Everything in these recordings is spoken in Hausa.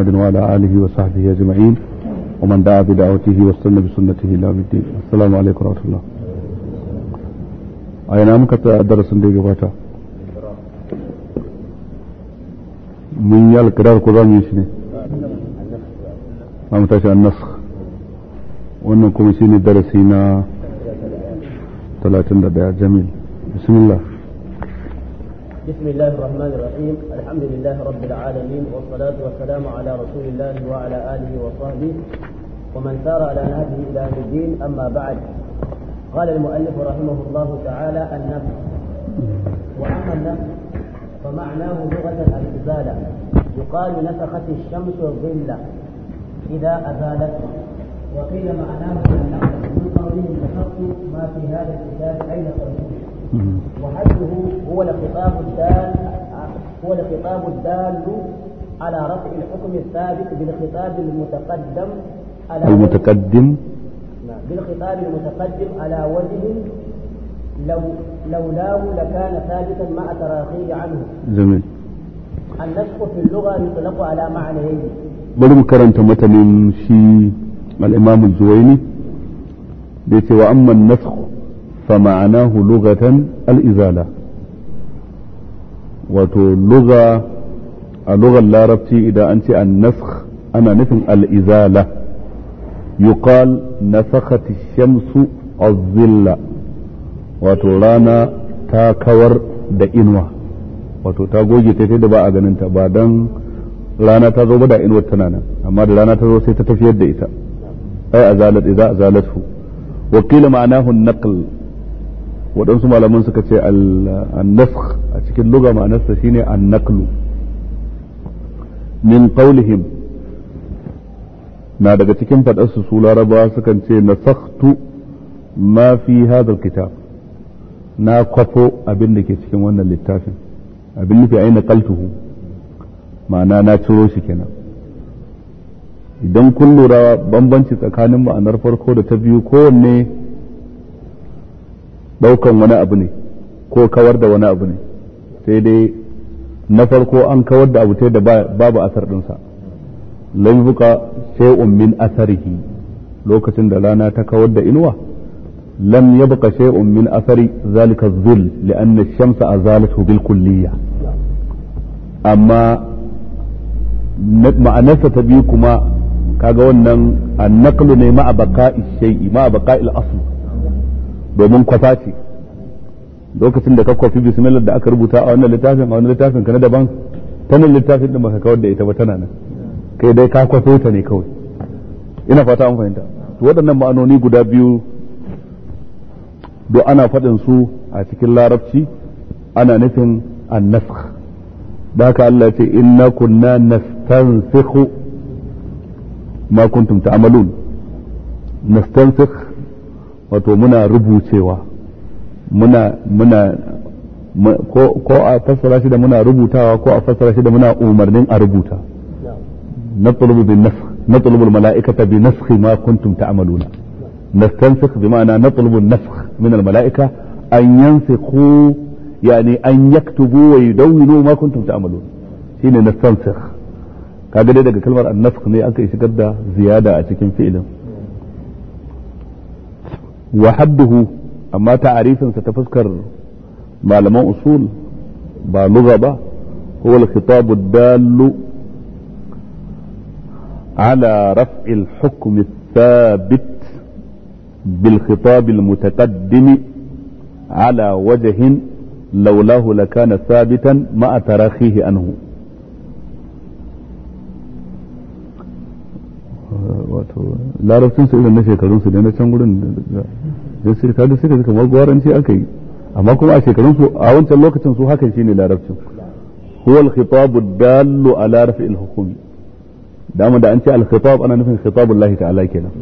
محمد وعلى آله وصحبه أجمعين ومن دعا بدعوته واستنى بسنته إلى يوم الدين السلام عليكم ورحمة الله أين أمك درس دي قباتا من يال كرار قرآن يشني أمتاش النسخ وأنكم يشيني درسينا 31 جميل بسم الله بسم الله الرحمن الرحيم الحمد لله رب العالمين والصلاة والسلام على رسول الله وعلى آله وصحبه ومن سار على نهجه إلى أهل الدين أما بعد قال المؤلف رحمه الله تعالى النفس وأما النفس فمعناه لغة الإزالة يقال نفخت الشمس الظلة إذا أزالت وقيل معناه النفس من قوله ما في هذا الكتاب أين قوله وحده هو الخطاب الدال هو الخطاب الدال على رفع الحكم الثابت بالخطاب المتقدم على المتقدم نعم، بالخطاب المتقدم على وجه لو لولاه لكان ثابتا مع تراخيه عنه جميل النسخ في اللغة يطلق على معنيين bari mu karanta matanin في الامام الزويني بيتي واما النسخ فمعناه لغة الإزالة wato luga a lugar larabci idan an ce an nasakh ana nufin al'izala yuqal nasakhati shamsu az-zilla wato rana ta kawar da inuwa wato ta goge ta sai da ba a ganin ta ba dan rana ta zo ba da inuwar tana nan amma da rana ta zo sai ta tafiyar da ita ai azalat idza azalatu wa qila ma'anahu an-naql waɗansu malaman suka ce annafkh a cikin luga ma'anarsa shine annaklu min qawlihim na daga cikin faɗarsu su laraba sukan ce nasakhtu ma fi hadal kitab na kwafo abin da ke cikin wannan littafin abin nufi aina qaltuhu ma'ana na ciro shi kenan idan kun lura bambanci tsakanin ma'anar farko da ta biyu kowanne daukan wani abu ne ko kawar da wani abu ne sai dai na farko an kawar da abu ta da babu asar dinsa laibuka shay'un min asarihi lokacin da rana ta kawar da inuwa lam yabqa shay'un min asari zalika dhul li'anna ash-shamsa azalathu bil kulliya. amma ma'anarsa ta biyu kuma kaga wannan annaklu ne ma'a baka'i shay'i ma'a baqa'il asl domin kwafa ce lokacin da ka kwafi bismillah da aka rubuta a wannan littafin a wannan littafin ka na daban ta nan littafin din baka kawar da ita ba tana nan kai dai ka kwafo ta ne kawai ina fata an fahimta to waɗannan ma'anoni guda biyu do ana faɗin su a cikin larabci ana nufin annasakh da haka Allah ce inna kunna nastansikhu ma kuntum ta'malun nastansikh wato muna rubucewa muna muna ko a fassara shi da muna rubutawa ko a fassara shi da muna umarnin a rubuta natlubu bin nafs natlubu al mala'ikata bi nafsi ma kuntum ta'maluna nastansikh bi ma'ana natlubu nafkh min al mala'ika an yansikhu yani an yaktubu wa yudawwinu ma kuntum ta'maluna shine nastansikh kaga dai daga kalmar an-nafkh ne aka shigar da ziyada a cikin fi'ilin وحده أما تعريفا ما معلم أصول بلغة هو الخطاب الدال على رفع الحكم الثابت بالخطاب المتقدم على وجه لولاه لكان ثابتا ما تراخيه أنه wato larabcin su irin na shekarun su ne na can gurin da sai ka da suka kamar gwaranci aka yi amma kuma a shekarun su a wancan lokacin su hakan shine larabcin huwa al-khitab ad-dallu ala rafi al dama da an ce al-khitab ana nufin khitabullah ta'ala kenan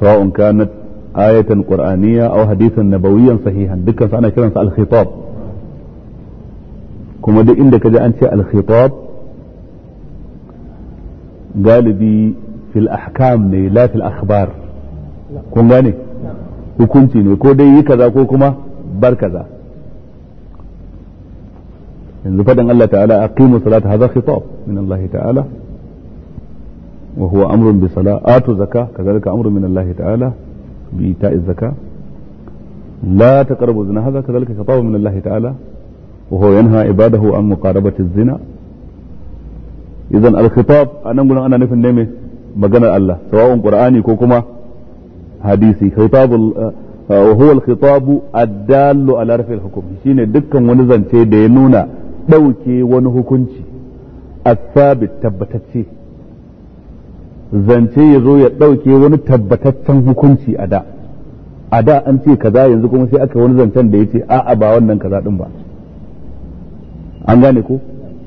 sawa'un kanat ayatan qur'aniyya aw hadithan nabawiyyan sahihan dukkan su ana kiransa al-khitab kuma duk inda kaje an ce al-khitab قال دي في الأحكام ني لا في الأخبار كن غاني وكنت ني كو دي كذا كو كما بر كذا إن فدن الله تعالى أقيموا صلاة هذا خطاب من الله تعالى وهو أمر بصلاة آتوا زكاة كذلك أمر من الله تعالى بإيتاء الزكاة لا تقربوا الزنا هذا كذلك خطاب من الله تعالى وهو ينهى عباده عن مقاربة الزنا idan al-khitab anan gurin ana nufin ne mai maganar Allah sawa'un qur'ani ko kuma hadisi khitabul wa eh, eh, huwa al ad-dallu ala rafi al-hukm shine dukkan wani zance da ya nuna dauke wani hukunci as-sabit tabbatacce zance ya zo ya dauke wani tabbataccen hukunci a da a da an ce kaza yanzu kuma sai aka wani zancen da ya ce a'a ba wannan kaza din ba an gane ko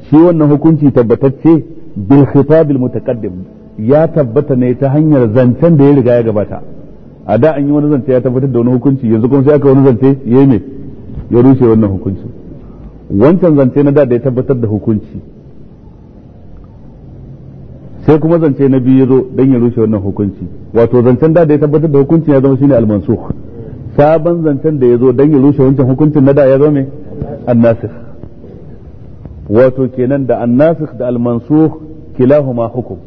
shi wannan hukunci tabbatacce bil khitab al mutaqaddim ya tabbata ne ta hanyar zancen da ya riga ya gabata a da an yi wani zance ya tabbatar da wani hukunci yanzu kuma sai aka wani zance ya yi ya rushe wannan hukunci wancan zance na da da ya tabbatar da hukunci sai kuma zance na biyu ya zo don ya rushe wannan hukunci wato zancen da da ya tabbatar da hukunci ya zama shine al sabon zancen da ya zo don ya rushe wancan hukuncin na da ya zama me an wato kenan da an da al كلاهما حكم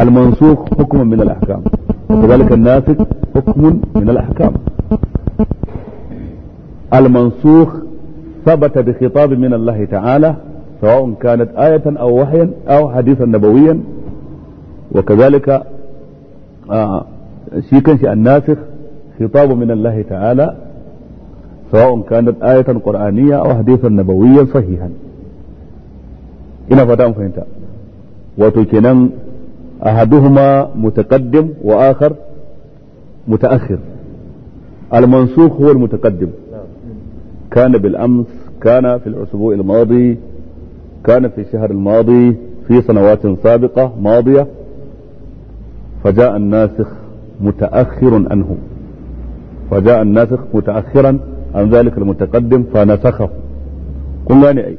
المنسوخ حكم من الأحكام وكذلك الناسخ حكم من الأحكام المنسوخ ثبت بخطاب من الله تعالى سواء كانت آية أو وحيا أو حديثا نبويا وكذلك آه shi الناسخ خطاب من الله تعالى سواء كانت آية قرآنية أو حديثا نبويا صحيحا sahihan ina wato kenan ahaduhuma mutaqaddim wa akhar mutaakhir المنسوخ هو المتقدم كان بالأمس كان في الأسبوع الماضي كان في الشهر الماضي في سنوات سابقة ماضية فجاء الناسخ متأخر عنه فجاء الناسخ متأخرا عن ذلك المتقدم فنسخه قلنا يعني أي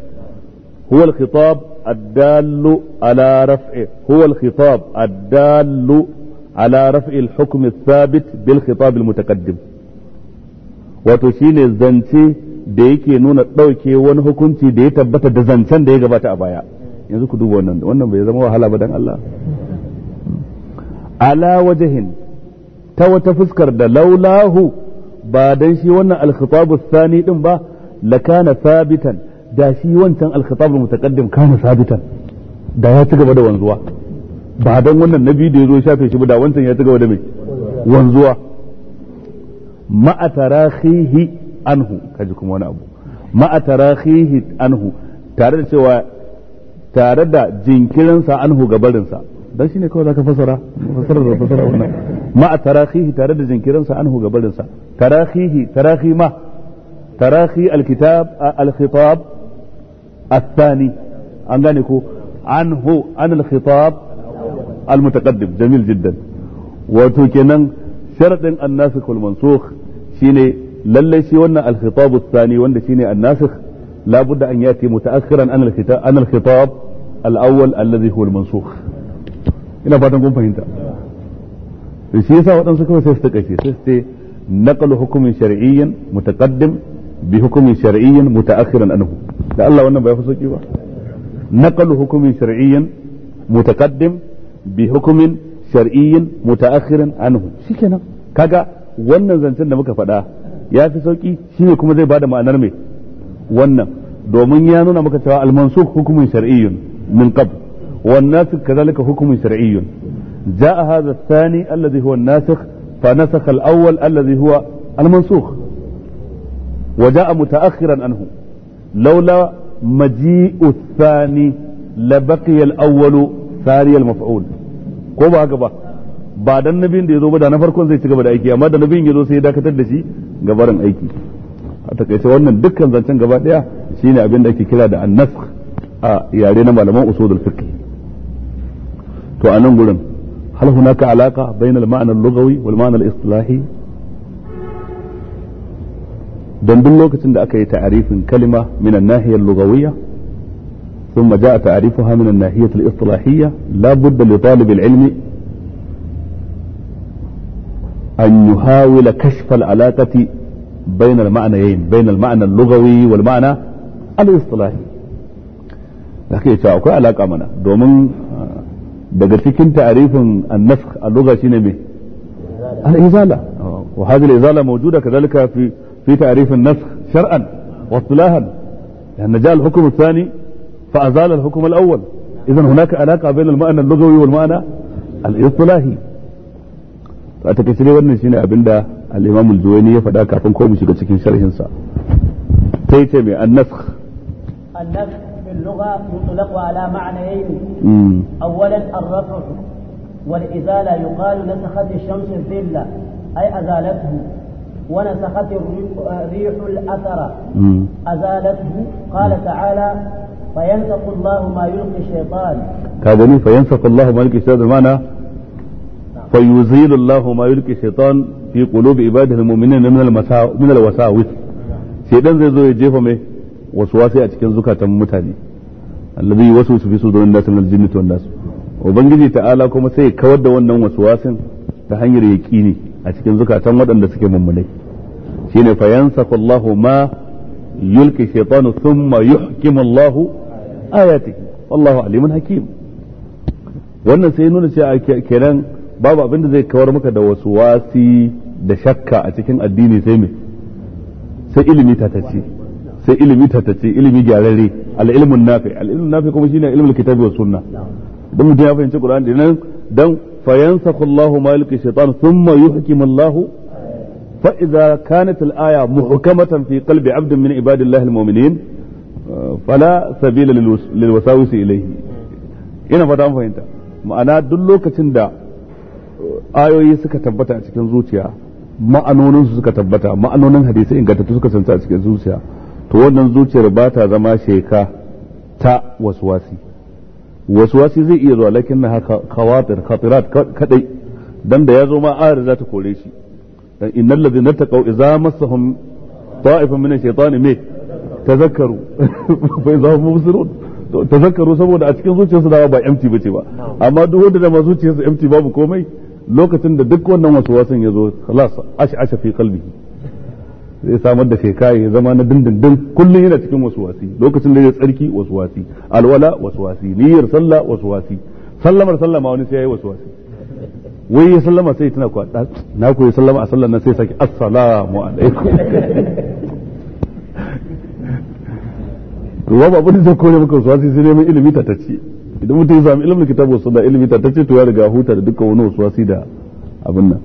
هو الخطاب الدال على رفع هو الخطاب الدال على رفع الحكم الثابت بالخطاب المتقدم وتشين الزنتي da yake nuna ɗauke wani hukunci da ya tabbata da zancen da ya gabata a baya yanzu ku duba wannan bai zama wahala ba dan Allah ala wajahin ta wata fuskar da laulahu ba dan shi wannan alkhitabu thani ba lakana sabitan da shi wancan al-khitab al-mutaqaddim kana sabitan da ya ci gaba da wanzuwa ba dan wannan nabi da yazo shafe shi ba da wancan ya ci gaba da mai wanzuwa ma'a tarahihi anhu kaji kuma wani abu ma'a tarahihi anhu tare da cewa tare da jinkirinsa anhu gabarinsa dan shine kawai zaka fasara fasara da fasara wannan ma'a tarahihi tare da jinkirinsa anhu gabarinsa tarahihi tarahi ma tarahi alkitab alkhitab الثاني أنغانيكو عنه عن الخطاب المتقدم جميل جدا وتوكينا شرط الناسخ والمنسوخ شيني للي شي ونا الخطاب الثاني ونا شيني الناسخ لا بد أن يأتي متأخرا عن الخطاب, عن الخطاب الأول الذي هو المنسوخ ina fatan kun fahimta shi yasa waɗansu kawai sai su ta kashe sai su ce naqalu hukumin shar'iyyan mutaqaddim bi hukumin shar'iyyin mutaakhiran anhu da Allah wannan bai fi sauki ba naqalu hukumin shar'iyyin mutaqaddim bi hukumin shar'iyyin mutaakhiran anhu shikenan kaga wannan zancen da muka faɗa ya fi sauki ne kuma zai bada ma'anar me wannan domin ya nuna maka cewa al-mansukh hukumin shar'iyyun min qabl wan nasikh kadhalika hukumin shar'iyyun جاء هذا الثاني الذي هو الناسخ فنسخ الأول الذي هو المنسوخ وجاء متأخرا عنه لولا مجيء الثاني لبقي الأول ثاني المفعول ko ba haka ba ba dan nabin da yazo ba da na farkon zai ci gaba da aiki amma da nabin yazo sai ya dakatar da shi gabarin aiki a takaice wannan dukkan zancen gaba daya shine abin da ake kira da an a yare na malaman usulul fiqh to a nan gurin hal hunaka alaka bainal ma'anar lughawi wal ma'anar istilahi don duk lokacin da aka yi ta'arifin kalima min an-nahiyya al-lughawiyya li talib al-'ilm an الإصطلاحية kashf al-'alaqati bayna al-ma'nayayn bayna al-ma'na al-lughawi wal-ma'na al-istilahi lakin يتشاء akwai alaka mana domin daga cikin ta'arifin an-nafkh al lugha shine me al-izala wa hadhihi al-izala mawjuda kadhalika fi في تعريف النسخ شرعا واصطلاحا لأن جاء الحكم الثاني فأزال الحكم الأول إذا هناك علاقة بين المعنى اللغوي والمعنى الاصطلاحي فأتكسري ونسينا أبندا الإمام الجويني فدا كافن كومي شكا سكين شرح انسا تيتمي النسخ النسخ في اللغة مطلق على معنيين أولا الرفع والإزالة يقال نسخت الشمس الظلة أي أزالته ونسخت الريح الأثر أزالته قال تعالى فينسخ الله ما يلقي الشيطان كاغني فينسخ الله ما يلقي الشيطان بمعنى فيزيل الله ما يلقي الشيطان في قلوب عباده المؤمنين من المسا من الوساوس شيطان زي زي جيفه مي وسواسي a cikin zukatan mutane allazi yuwaswisu fi sudurin nas min aljinnati wan nas ubangiji ta'ala kuma sai kawar da wannan waswasin ta hanyar yaqini a cikin zukatan waɗanda suke mummunai shine fa yansaku Allahu ma yulki shaytanu thumma yuhkimu Allahu ayatihi wallahu alimun hakim wannan sai nuna cewa kenan babu abin da zai kawar maka da wasu wasi da shakka a cikin addini sai me sai ilimi tatace sai ilimi tatace ilimi gyararre al-ilmun nafi al-ilmun nafi kuma shine ilmul kitabi was sunna dan mutum ya fahimci Qur'ani dan dan فينسخ الله ما يلقي الشيطان ثم يحكم الله فإذا كانت الآية محكمة في قلب عبد من عباد الله المؤمنين فلا سبيل للوساوس إليه ina fata an ma'ana duk lokacin da ayoyi suka tabbata a cikin zuciya ma'anonin su suka tabbata ma'anonin hadisi ingantattu suka santa a cikin zuciya to wannan zuciyar ba ta zama sheka ta waswasi Wasu wasi zai iya zuwa lakin na kawatar kafirat kadai dan da ya zo ma ayar za ta kore shi dan innal ta taqaw idza massahum ta'ifun min ash-shaytani me tazakkaru fa idza hum mubsirun tazakkaru saboda a cikin zuciyarsu da ba empty bace ba amma duk wanda da zuciyarsa empty babu komai lokacin da duk wannan wasu wasan ya zo khalas ash asha fi qalbihi zai samar da sheka ya zama na dindindin kullum yana cikin wasuwasi lokacin da ya tsarki wasuwasi alwala wasuwasi niyyar sallah wasuwasi sallamar sallama wani sai yayi wasuwasi wai ya sallama sai tana ku ah, na ku sallama a sallar nan sai saki assalamu alaikum to babu abin da kore maka wasuwasi sai neman ilimi ta tace idan mutum ya samu ilimin kitabu sunna ilimi ta tace to ya riga huta da dukkan wani wasuwasi da abin nan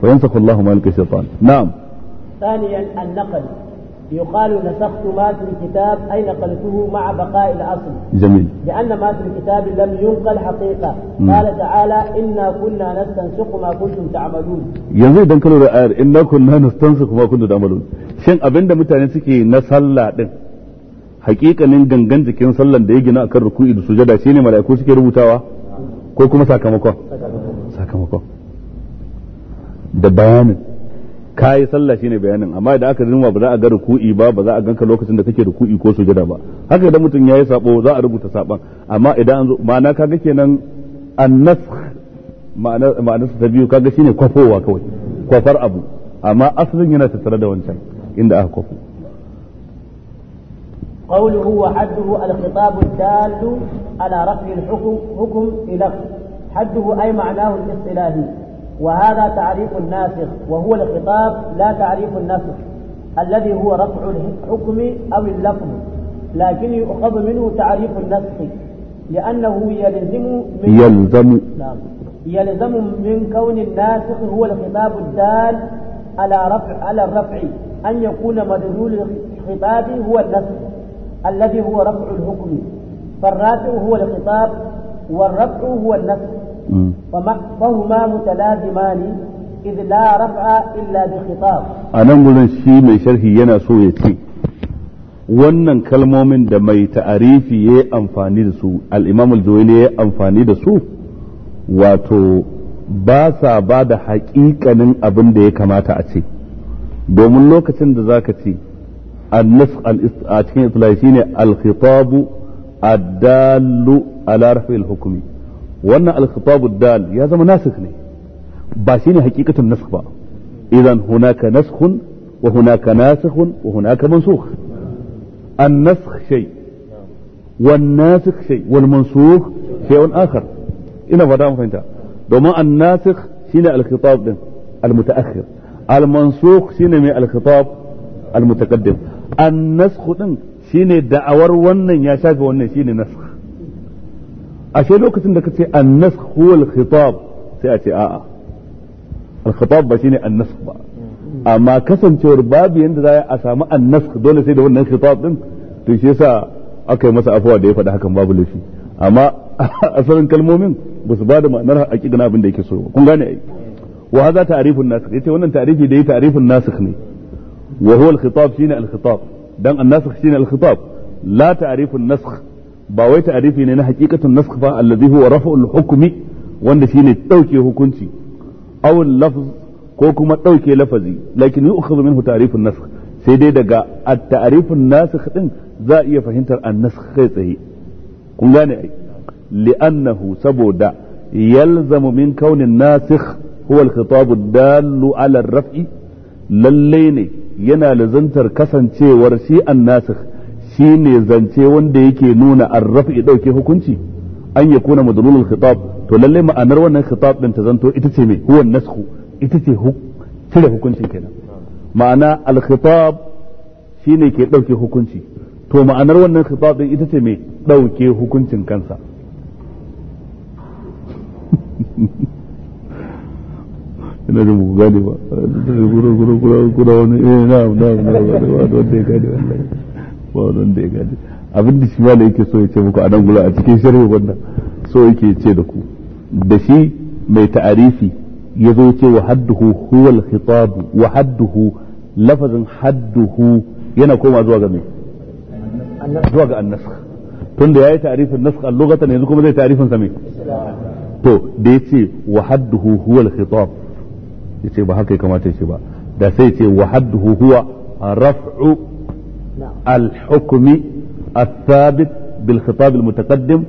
fa yansakhu Allahu malika shaytan na'am ثانيا النقل يقال نسخت ما في الكتاب أي نقلته مع بقاء الأصل جميل لأن ما في الكتاب لم ينقل حقيقة مم. قال تعالى إنا كنا نستنسخ ما كنتم تعملون yanzu idan kalo da ayar inna kunna nastansikh ma kuntum ta'malun shin abinda mutane suke na sallah din hakikanin gangan jikin sallar da ya gina akan ruku'i da sujada shine mala'iku suke rubutawa ko kuma sakamakon da bayanin ka yi sallah shine bayanin amma idan aka rinwa ba za a ga ruku'i ba ba za a ganka lokacin da kake ruku'i ko sujada ba haka idan mutum yayi sabo za a rubuta saban amma idan an zo ma'ana kaga kenan annasakh ma'ana ma'ana ta biyu kaga shine kwafowa kawai kwafar abu amma asalin yana tattare da wancan inda aka kwafo قوله وحده الخطاب الدال على رفع الحكم حكم إلى حده أي معناه الاصطلاحي وهذا تعريف الناسخ وهو الخطاب لا تعريف النسخ الذي هو رفع الحكم أو اللفظ لكن يؤخذ منه تعريف النسخ لأنه يلزم من يلزم نعم يلزم من كون الناسخ هو الخطاب الدال على رفع على الرفع أن يكون مدلول الخطاب هو النسخ الذي هو رفع الحكم فالرافع هو الخطاب والرفع هو النسخ Mm. فهما متلازمان إذ لا رفع إلا بخطاب أنا أقول شيء من شرحي ينا سويتي wannan kalmomin da mai ta'arifi ya yi amfani da su al'imam al-zuwaili ya yi amfani da su wato ba sa ba da haƙiƙanin abin da ya kamata a ce domin lokacin da za ka ce annas a cikin islahi shine al-khitabu ad-dallu ala rafi hukumi wannan al-khitab dal ya zama nasikh ne ba shine hakikatan nasikh ba idan hunaka naskhun wa hunaka nasikhun wa hunaka mansukh an-nasikh shay wan nasikh shay wal mansukh shay'un akhar ina fada mun fahimta domin an-nasikh shine al-khitab din al-mutaakhir al-mansukh shine mai al-khitab al-mutaqaddim an-nasikh din shine da'awar wannan ya shafe wannan shine nasikh ashe lokacin da ka ce annas huwa al-khitab sai a ce a'a al-khitab ba shine annas ba amma kasancewar babu yanda za a samu annas dole sai da wannan khitab din to shi yasa aka yi masa afuwa da ya faɗi hakan babu laifi amma asalin kalmomin ba su ba da ma'anar haƙiƙin abin da yake so kun gane ai wa hadha ta'rifun nasikh yace wannan ta'rifi da yi ta'rifun nasikh ne wa huwa al-khitab shine al-khitab dan an-nasikh shine al-khitab la ta'rifun nasikh ba wai ta'arifi ne na haqiqatun nasakh ba allazi huwa rafa'ul hukmi wanda shine dauke hukunci aw lafz ko kuma dauke lafazi lakin yu'khadhu minhu ta'rifun nasakh sai dai daga at-ta'rifun nasakh din za a iya fahimtar an-nasakh kai tsaye kun gane ai li'annahu saboda yalzamu min kaunin nasikh huwa al-khitab dallu ala ar-raf'i lalle ne yana lazantar kasancewar shi an-nasikh Shi ne zance wanda yake nuna arrafi dauke hukunci an ya yakuna madlulul khitab to lalle ma'anar wannan khitab din ta zanto ita ce mai huwan nasku ita ce cire hukuncin kenan ma'ana al-khitab ne ke dauke hukunci to ma'anar wannan khitab din ita ce mai dauke hukuncin kansa ina jin ku gane ba kuna wani eh na na na wanda ya gane wallahi ba wanda ya gane abin da shi malai yake so ya ce muku a nan gula a cikin sharhi wannan so yake ce da ku da shi mai ta'arifi ya zo ce wa hadduhu huwal khitabu wa hadduhu lafazin hadduhu yana koma zuwa ga me zuwa ga annasakh tunda yayi ta'rifin nasakh al-lughatan yanzu kuma zai ta'rifin sa me to da yace wa hadduhu huwal khitab yace ba haka ya kamata ya ce ba da sai ya ce wa hadduhu huwa raf'u الحكم الثابت بالخطاب المتقدم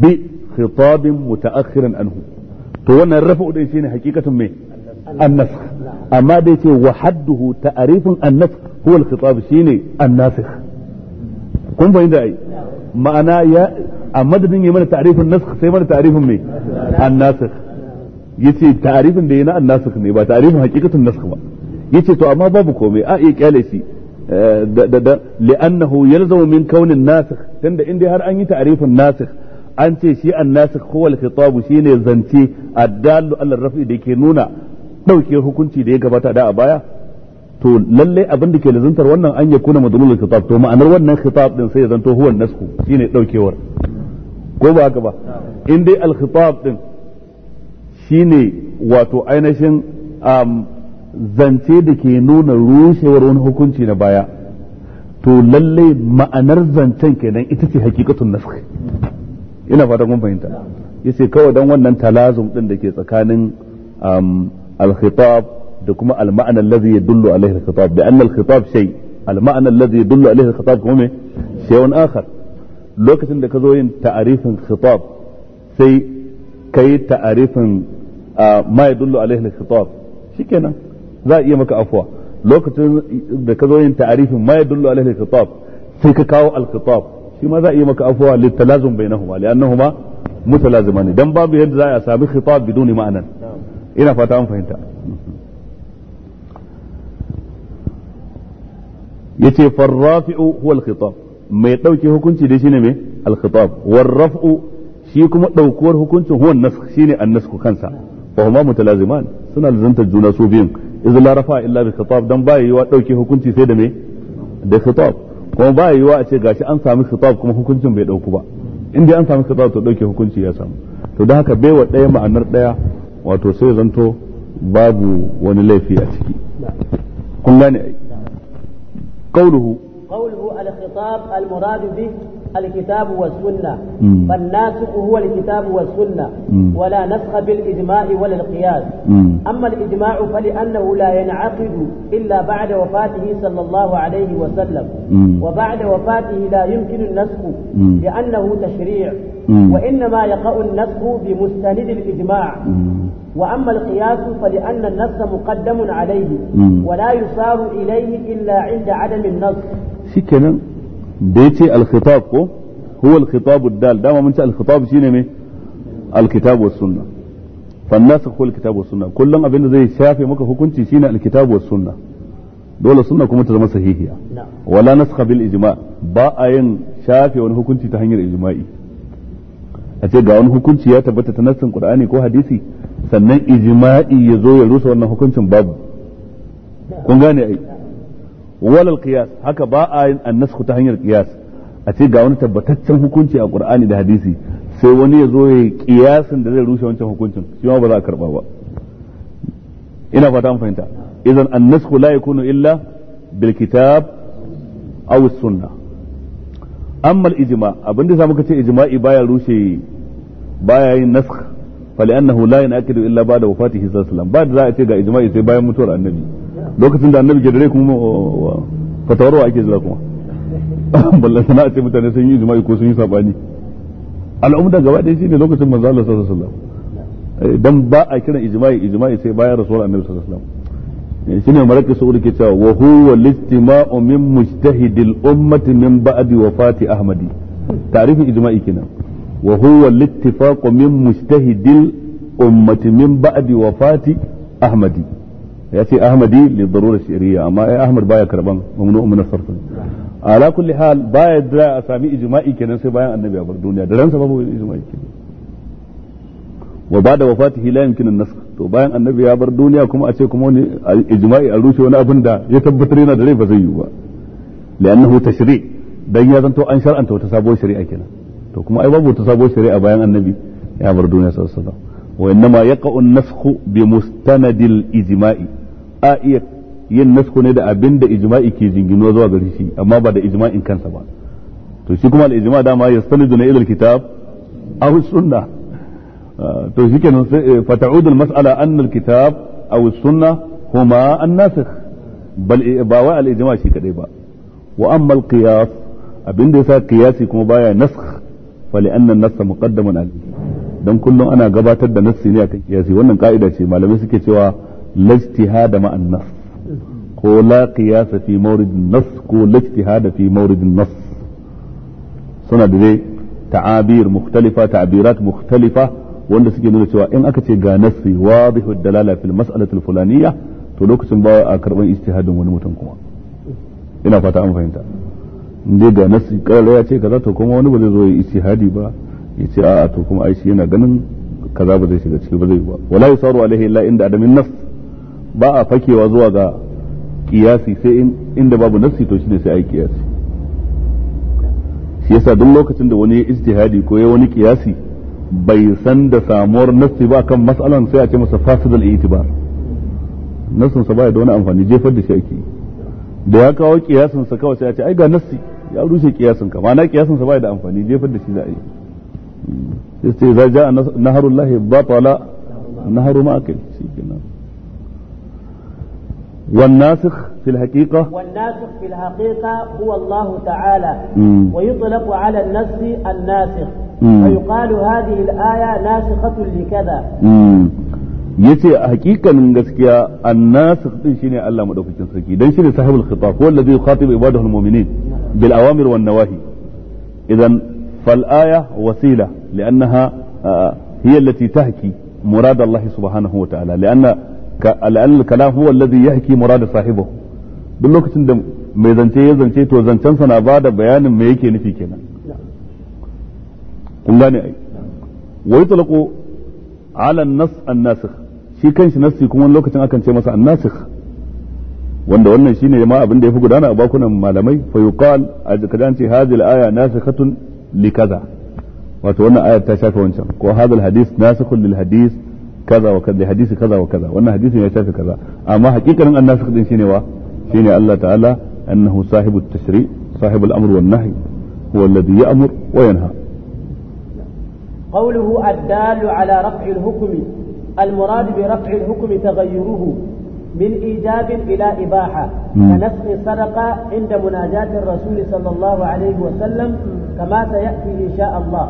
بخطاب متأخر عنه to wannan rafa din shine hakikatan me annask amma da yace wa hadduhu ta'rifin annask huwa al-khitab shine annasikh kun fahimta ai ma'ana ya a madadin yi mana ta'rifin nask sai mana ta'rifin me annasikh yace ta'rifin da yana annasikh ne ba ta'rifin hakikatan nask ba yace to amma babu komai a iya kyale li'annahu yalzamu min kaunin nasikh tunda in dai har an yi ta'arifin nasir an ce shi an nasir huwa al-khitab shine zance a ala rafi da ke nuna dauke hukunci da ya gabata da a baya to lalle abin da ke lazantar wannan an ya kuna madulul khitab to ma'anar wannan khitab din sai ya zanto huwa nasku shine daukewar ko ba haka ba in dai al-khitab din shine wato ainihin um, zance da ke nuna rushewar wani hukunci na baya to lallai ma'anar zancen kenan ita ce hakikatun nasakh ina fatan kun fahimta yace kawai dan wannan talazum din da ke tsakanin al-khitab da kuma al-ma'ana allazi yadullu alaihi al-khitab bi anna al-khitab shay al-ma'ana allazi yadullu alaihi al-khitab kuma me wani akhar lokacin da ka zo yin ta'arifin khitab sai kai ta'arifin ma yadullu alaihi al-khitab shikenan za a iya maka afuwa lokacin da ka zo yin ta'arifin ma ya yadullu alaihi al-khitab sai ka kawo al-khitab shi ma za a iya maka afuwa litalazum bainahuma li'annahuma mutalazimani dan babu yadda za a sami khitab biduni ma'anan ina fata an fahimta yace farrafi'u huwa al-khitab mai dauke hukunci dai shine me al-khitab raf'u shi kuma daukuwar hukuncin huwa an-nasakh shine an-nasakh kansa fa huma mutalazimani suna lazanta juna su biyun iz la rafa illa bi khitab dan ba yiwa dauke hukunci sai da me da khitab kuma ba yiwa a ce gashi an sami khitab kuma hukuncin bai dauku ba inda an sami khitab to dauke hukunci ya samu to dan haka baiwa daya ma'anar daya wato sai zanto babu wani laifi a ciki kun gane ai al قوله al المراد به الكتاب والسنة فالناسخ هو الكتاب والسنة ولا نسخ بالإجماع ولا القياس أما الإجماع فلأنه لا ينعقد إلا بعد وفاته صلى الله عليه وسلم وبعد وفاته لا يمكن النسخ لأنه تشريع وإنما يقع النسخ بمستند الإجماع وأما القياس فلأن النص مقدم عليه ولا يصار إليه إلا عند عدم النص شكرا da yace ce khitab ko huwa al dal dama mun ce al-khitab shine ne al-kitab was sunna fannasa huwa al-kitab was sunna kullun abin da zai shafe maka hukunci shine al-kitab was sunna dole sunna kuma ta zama sahihiya wala naskha bil ijma ba a yin shafe wani hukunci ta hanyar ijma'i a ce ga wani hukunci ya tabbata ta nassin qur'ani ko hadisi sannan ijma'i ya zo ya rusa wannan hukuncin babu kun gane ai walal qiyas haka ba a yin annasku ta hanyar qiyas a ce ga wani tabbataccen hukunci a qur'ani da hadisi sai wani ya zo ya kiyasin da zai rushe wancan hukuncin shi ma ba za a karba ba ina fata an fahimta idan annasku la yakunu illa bil kitab aw sunnah amma al ijma abinda sa muka ce ijma'i baya rushe baya yin nasakh فلأنه لا ينأكد a بعد وفاته صلى ba da za a ce ga ijma'i sai bayan mutuwar annabi lokacin da annabi ke dare kuma fatawarwa ake zira kuma ballan sana'a ce mutane sun yi jima'i ko sun yi sabani al'umma gaba ɗaya shine lokacin manzo Allah sallallahu alaihi wasallam eh, dan ba a kiran ijma'i ijma'i sai bayan rasul annabi sallallahu alaihi wasallam eh, shine maraki sa'ud ke cewa wa huwa al-istima'u min mujtahidil ummati min ba'di wafati ahmadi ta'rifin ijma'i kenan wa huwa al-ittifaqu min mujtahidil ummati min ba'di wafati ahmadi ya ce ahmadi li darura shari'a amma ai ahmad baya karban mamnu min sarf ala kulli hal baya da a sami ijma'i kenan sai bayan annabi ya bar duniya da ransa babu ijma'i kenan wa ba'da wafatihi la yumkinu an-nasakh to bayan annabi ya bar duniya kuma a ce kuma wani ijma'i a rushe wani abin da ya tabbatar yana da rai ba zai yi ba li'annahu tashri' dan ya zanto an shar'anta wata sabuwar shari'a kenan to kuma ai babu wata sabuwar shari'a bayan annabi ya bar duniya sallallahu alaihi wasallam wa innama yaqa'u an-nasakh bi mustanadil a iya yin nasku ne da abin da ijma'i ke jingino zuwa gare shi amma ba da ijma'in kansa ba to shi kuma al-ijma dama yastanidu na ilal kitab a sunna ah, to shi kenan sai eh, fata'ud masala anna al-kitab a sunna huma an-nasikh bal eh, ba wa al-ijma shi kadai ba wa amma al-qiyas abin da yasa qiyasi kuma baya nasakh fa li anna an-nass muqaddamun alayhi dan kullum ana gabatar da nassi ne akan qiyasi wannan ka'ida ce malamai suke cewa لا اجتهاد مع النص قو لا قياس في مورد النص قو لا اجتهاد في مورد النص سنة دي تعابير مختلفة تعبيرات مختلفة وانا سيجي نقول سواء ان اكتشي نصي واضح الدلالة في المسألة الفلانية تلوك سنبا اكربان اجتهاد ونموتن كما انا فاتا ام فهمتا ndai ga nasi kala ya ce kaza to kuma wani ba zai zo ya isi hadi ba ya ce a'a to kuma aishi yana ganin kaza ba zai shiga ciki ba zai ba wala yusaru alaihi illa inda adamin nafs ba a fakewa zuwa ga kiyasi sai inda babu nassi to shine sai ai kiyasi shi yasa duk lokacin da wani ya ijtihadi ko ya wani kiyasi bai san da samuwar nassi ba kan matsalan sai a ce masa fasidal itibar nassin sa bai da wani amfani jefar da shi ake da ya kawo kiyasin sa kawai sai a ce ai ga nassi ya rushe kiyasin ka ma'ana kiyasin sa bai da amfani jefar da shi za a yi sai za ja'a naharullahi batala naharu ma'akil والناسخ في الحقيقة والناسخ في الحقيقة هو الله تعالى ويطلق على النسخ الناسخ ويقال هذه الآية ناسخة لكذا يسي حقيقة من قسكيا الناسخ تنشيني ألا مدوك تنسكي دنشيني صاحب الخطاب هو الذي يخاطب عباده المؤمنين بالأوامر والنواهي إذا فالآية وسيلة لأنها آه، هي التي تحكي مراد الله سبحانه وتعالى لأن al'adar al'al kalam huwa alladhi yahki da sahibihi duk lokacin da mai zance ya zance to zancensa na bada bayanin me yake nufi kenan kun gane ai wa yutlaqu ala an-nas an-nasikh shi kanshi nassi kuma lokacin akan ce masa an-nasikh wanda wannan shine ma abin da yafi gudana a bakunan malamai fa yuqal kadan ce hadhihi aya nasikhatun li kaza wato wannan ayar ta shafe wancan ko hadha al-hadith nasikhun lil كذا وكذا حديث كذا وكذا وان حديث ما يشافي كذا اما حقيقة ان الناس قدين شنو شنو شيني الله تعالى انه صاحب التشريع صاحب الامر والنهي هو الذي يأمر وينهى قوله الدال على رفع الحكم المراد برفع الحكم تغيره من ايجاب الى اباحه كنفس السرقه عند مناجاه الرسول صلى الله عليه وسلم كما سياتي ان شاء الله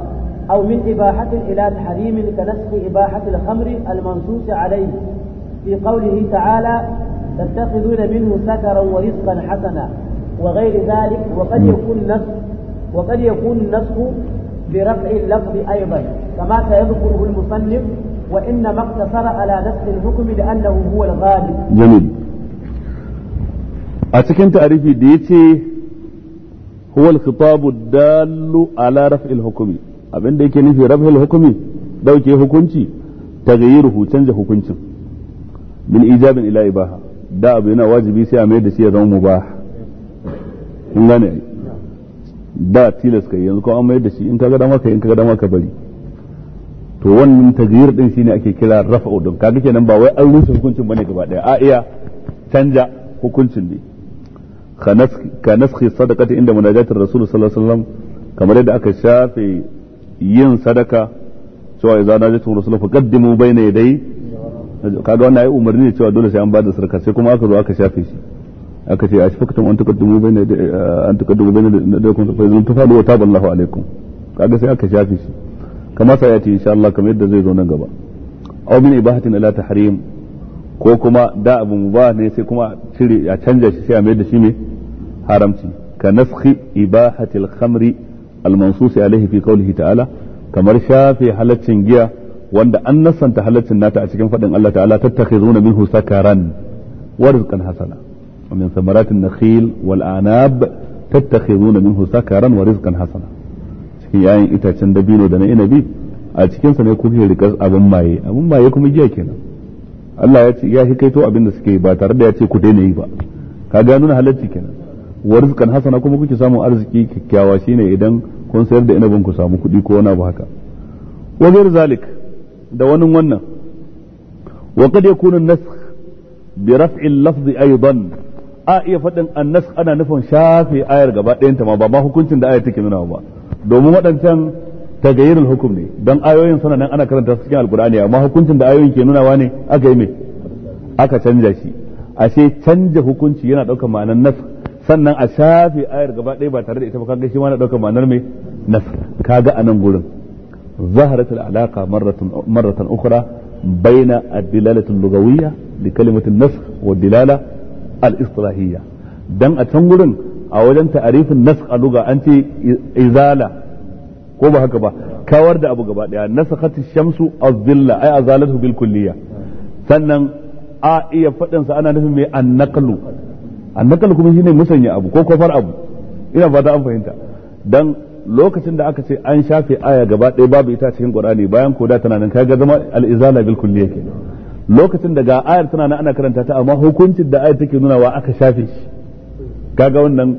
أو من إباحة إلى تحريم كنسخ إباحة الخمر المنصوص عليه في قوله تعالى تتخذون منه سكرا ورزقا حسنا وغير ذلك وقد يكون نسخ وقد يكون النسخ برفع اللفظ أيضا كما سيذكره المصنف وإنما اقتصر على نسخ الحكم لأنه هو الغالب جميل أتكن تعريفي ديتي هو الخطاب الدال على رفع الحكم abin da yake nufi rabhul hukumi dauke hukunci taghyiruhu canza hukuncin min ijabin ila ibaha da abu yana wajibi sai a mai da shi ya zama mubah kun gane da tilas kai yanzu ko an mai da shi in ka ga dama kai in ka ga dama ka bari to wannan taghyir din shine ake kira rafa'u din kaga kenan ba wai an rusa hukuncin bane gaba daya a iya canja hukuncin ne ka naskhi sadaqati inda munajatir rasul sallallahu alaihi wasallam kamar yadda aka shafe yin sadaka cewa idan idza najatu rasul fa qaddimu bayna yaday kaga wannan ai umarni ne cewa dole sai an bada sadaka sai kuma aka zo aka shafe shi aka ce a shi ashfaqtum an tuqaddimu bayna eh, an tuqaddimu bayna yadaykum fa idzun tafadu wa taballahu alaikum kaga sai aka shafe shi kamar sai ya ce insha Allah kamar yadda zai zo nan gaba aw min ibahatin ila tahrim ko kuma da abu mubah ne sai kuma cire ya canja shi sai a mai da shi ne haramci ka naskhi ibahatil khamri al-mansus alaihi fi qawlihi ta'ala kamar shafe halaccin giya wanda an nasanta halaccin nata a cikin faɗin Allah ta'ala tattakhizuna minhu sakaran wa rizqan hasana min samaratin nakhil wal anab tattakhizuna minhu sakaran wa rizqan hasana cikin yayin itacen dabino da na inabi a cikin sa ne kuke rikas abin maye abin maye kuma giya kenan Allah ya ce ya hikaito abin da suke ba tare da ya ce ku daina yi ba ka gano na halacci kenan wa rizqan hasana kuma kuke samun arziki kyakkyawa shine idan kun sayar da inabin ku samu kuɗi ko wani abu haka wa ghayr zalik da wani wannan wa qad yakunu an-nasakh bi raf'i lafzi aidan a iya faɗin an-nasakh ana nufin shafe ayar gaba ɗayan ta ma ba ma hukuncin da ayar take nuna ba domin waɗancan tagayyirul hukum ne dan ayoyin suna nan ana karanta su cikin alqur'ani amma hukuncin da ayoyin ke nunawa ne aka yi me aka canja shi ashe canja hukunci yana ɗaukar ma'anar nasakh sannan a shafe ayar gaba ɗaya ba tare da ita ba kaga shi ma na ɗaukar ma'anar mai nasr kaga a nan gurin zaharat al-alaqa marratan baina ad-dilalati al-lughawiyya li wa dilala al dan a can gurin a wajen ta'arifin nasr a lugha an ce izala ko ba haka ba kawar da abu gaba ɗaya nasakhat shamsu az-zilla azalatu bil sannan a iya faɗinsa ana nufin mai annaqlu annakal kuma shine musanya abu ko kofar abu ina fata an fahimta dan lokacin da aka ce an shafe aya gaba ɗaya babu ita cikin qur'ani bayan koda tana nan kaga zama al-izala bil kulliyya kenan lokacin da ga ayar tana nan ana karanta ta amma hukuncin da ayar take nuna wa aka shafe shi kaga wannan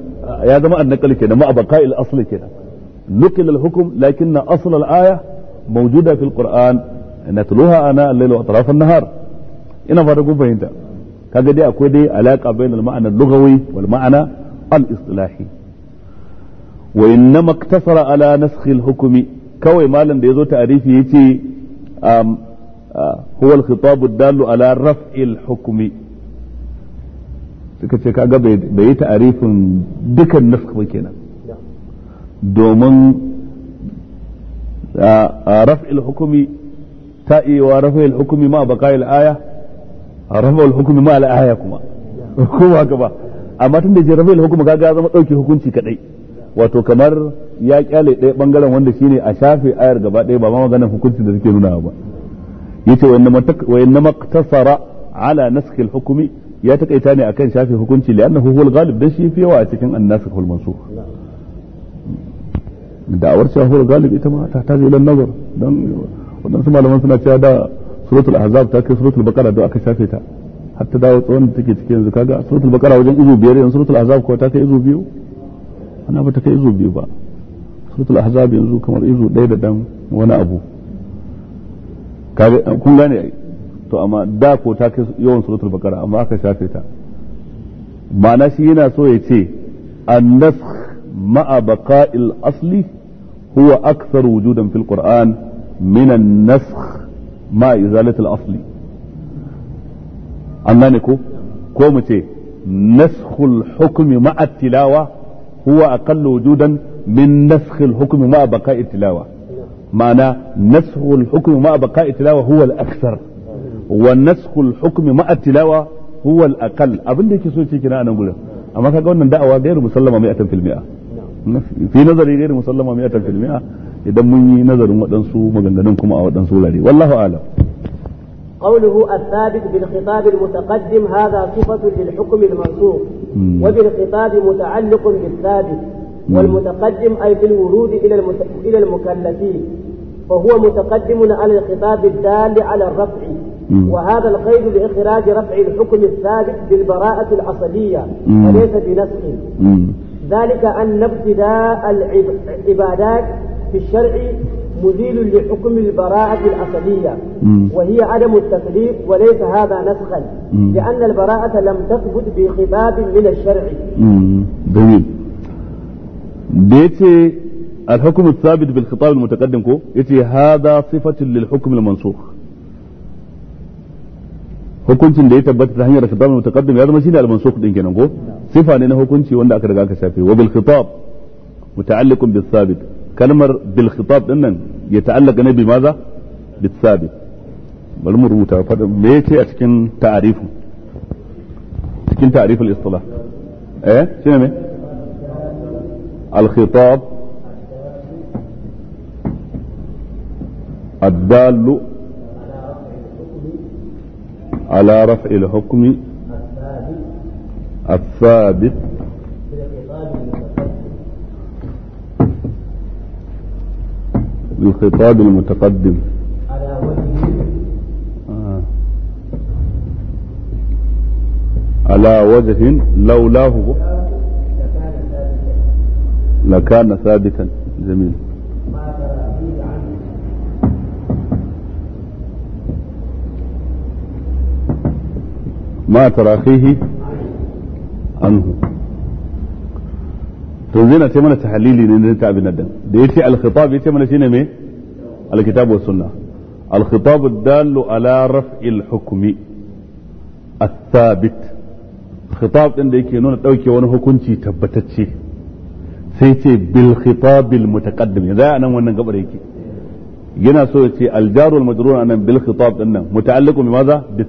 ya zama annakal kenan ma abqa'il asl kenan nukil al-hukm lakinna asl al-aya mawjuda fil qur'an natluha ana al-layl wa atraf an-nahar ina fata kun fahimta kaga dai akwai dai alaka bainal ma'ana lughawi wal ma'ana al istilahi wa innama iktasara ala naskhi al hukmi kawai malam da yazo ta'rifi yace um uh, huwa al khitab ad dallu ala raf'i al hukmi suka ce kaga bai yi ta'arifin dukan naskh ba kenan domin uh, uh, raf'il hukumi ta iya wa raf'il hukumi ma baqa'il aya a rahmar hukumi ma aya kuma ko gaba amma tun da je rahmar hukumi kaga zama dauke hukunci kadai wato kamar ya kyale ɗaya bangaren wanda shine a shafe ayar gaba ɗaya ba ma maganar hukunci da suke nuna ba yace wa inna maktasara ala naskh al-hukmi ya takaita ne akan shafe hukunci li'annahu huwal ghalib dan shi fi yawa a cikin an-nasikh wal mansukh da'awar cewa huwal ghalib ita ma ta tazi ila nazar dan su malaman suna cewa da suratul ahzab ta kai suratul baqara da aka shafe ta har ta dawo tsawon da take cikin yanzu kaga suratul baqara wajen izu biyar yanzu suratul ahzab ko ta kai izu biyu ana ba ta kai izu biyu ba suratul ahzab yanzu kamar izu ɗaya da dan wani abu kaga kun gane ai to amma da ko ta kai yawan suratul baqara amma aka shafe ta ma'ana shi yana so ya ce an-nasakh ma'a baqa'il asli huwa aktharu wujudan fil qur'an min an-nasakh ما إزالة الأصل أما نكو كومتي نسخ الحكم مع التلاوة هو أقل وجودا من نسخ الحكم مع بقاء التلاوة معنى نسخ الحكم مع بقاء التلاوة هو الأكثر ونسخ الحكم مع التلاوة هو الأقل أبن ديكي سويتي كنا أنا أقول أما كنت قلنا غير مسلمة مئة في المئة في نظري غير مسلمة مئة في المئة إذا مني نظر ودنسو waɗansu أو دنسو لدي والله أعلم قوله الثابت بالخطاب المتقدم هذا صفة للحكم المنصوب وبالخطاب متعلق بالثابت والمتقدم أي في الورود إلى إلى المكلفين فهو متقدم على الخطاب الدال على الرفع وهذا القيد لإخراج رفع الحكم الثابت بالبراءة الأصلية وليس بنسخ ذلك أن ابتداء العبادات في الشرع مزيل لحكم البراءة الأصلية وهي عدم التكليف وليس هذا نسخا لأن البراءة لم تثبت بخطاب من الشرع جميل بيتي الحكم الثابت بالخطاب المتقدم كو يتي هذا صفة للحكم المنسوخ hukuncin da ya tabbata ta hanyar kitab mai mutaqaddim ya zama shine al-mansukh din kenan ko sifa ne na hukunci wanda aka riga aka shafe wa bil khitab muta'alliqun bis sabit kalmar bil khitab din nan ya ta'allaka ne bi maza bis sabit bal mu rubuta fadin me yace a cikin ta'arifu cikin ta'arif al-istilah eh shine me al-khitab ad الدال على رفع الحكم الثابت بالخطاب المتقدم على وجه آه. على وجه لولاه لكان ثابتا جميل ma tarafihi anhu to zai na ce mana tahalili ne na ta abin da yace al-khitab yace mana shine al-kitab wa sunna al-khitab ad-dallu ala raf'i al-hukmi ath-thabit khitab din da yake nuna dauke wani hukunci tabbatacce sai ce bil khitabil mutaqaddim yanzu anan wannan gabar yake yana so ya ce al-jaru al anan bil khitab din nan maza bit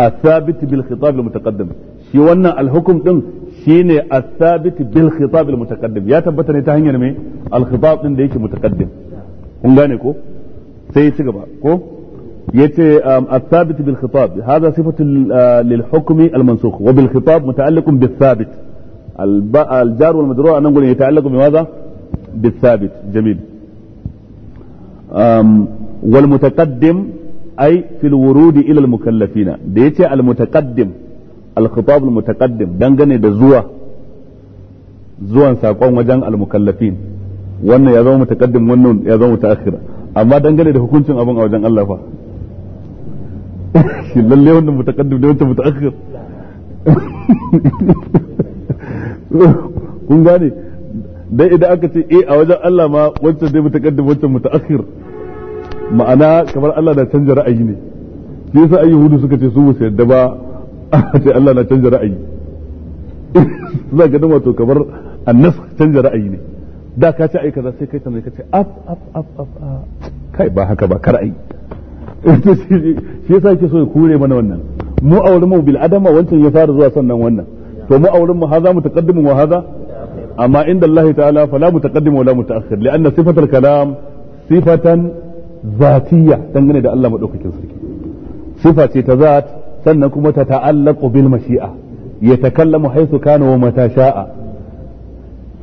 الثابت بالخطاب المتقدم shi wannan alhukum ɗin shine ne sabit bil khitab al mutaqaddim ya tabbata ne ta hanyar me al khitab da yake mutaqaddim kun yace as-sabit bil anan ai fil wurudi ila al mukallafina da yace al mutaqaddim al khitab al mutaqaddim dangane da zuwa zuwan sakon wajen al mukallafin wannan ya zama mutaqaddim wannan ya zama mutaakhir amma dangane da hukuncin abin a wajen Allah fa shi lalle wannan mutaqaddim da wannan mutaakhir kun gane dai idan aka ce eh a wajen Allah ma wancan dai mutaqaddim wancan mutaakhir ma'ana kamar Allah na canja ra'ayi ne shi yasa ai yahudu suka ce su su yadda ba a ce Allah na canja ra'ayi za ga dama to kamar annas canja ra'ayi ne da ka ce ai kaza sai kai tambaye ka ce af af af af ah. kai ba haka ba kar'ai shi yasa yake so ya kure mana wannan mu a wurin mu bil adama wancan ya fara zuwa sannan wannan to mu a wurin mu haza mutaqaddimun wa haza amma inda Allah ta'ala fala mutaqaddim wa la mutaakhir li'anna sifatul kalam sifatan ذاتية دنگنے دا اللہ مدوک کن صفة تذات سنکو متتعلق بالمشيئة يتكلم حيث كان ومتى شاء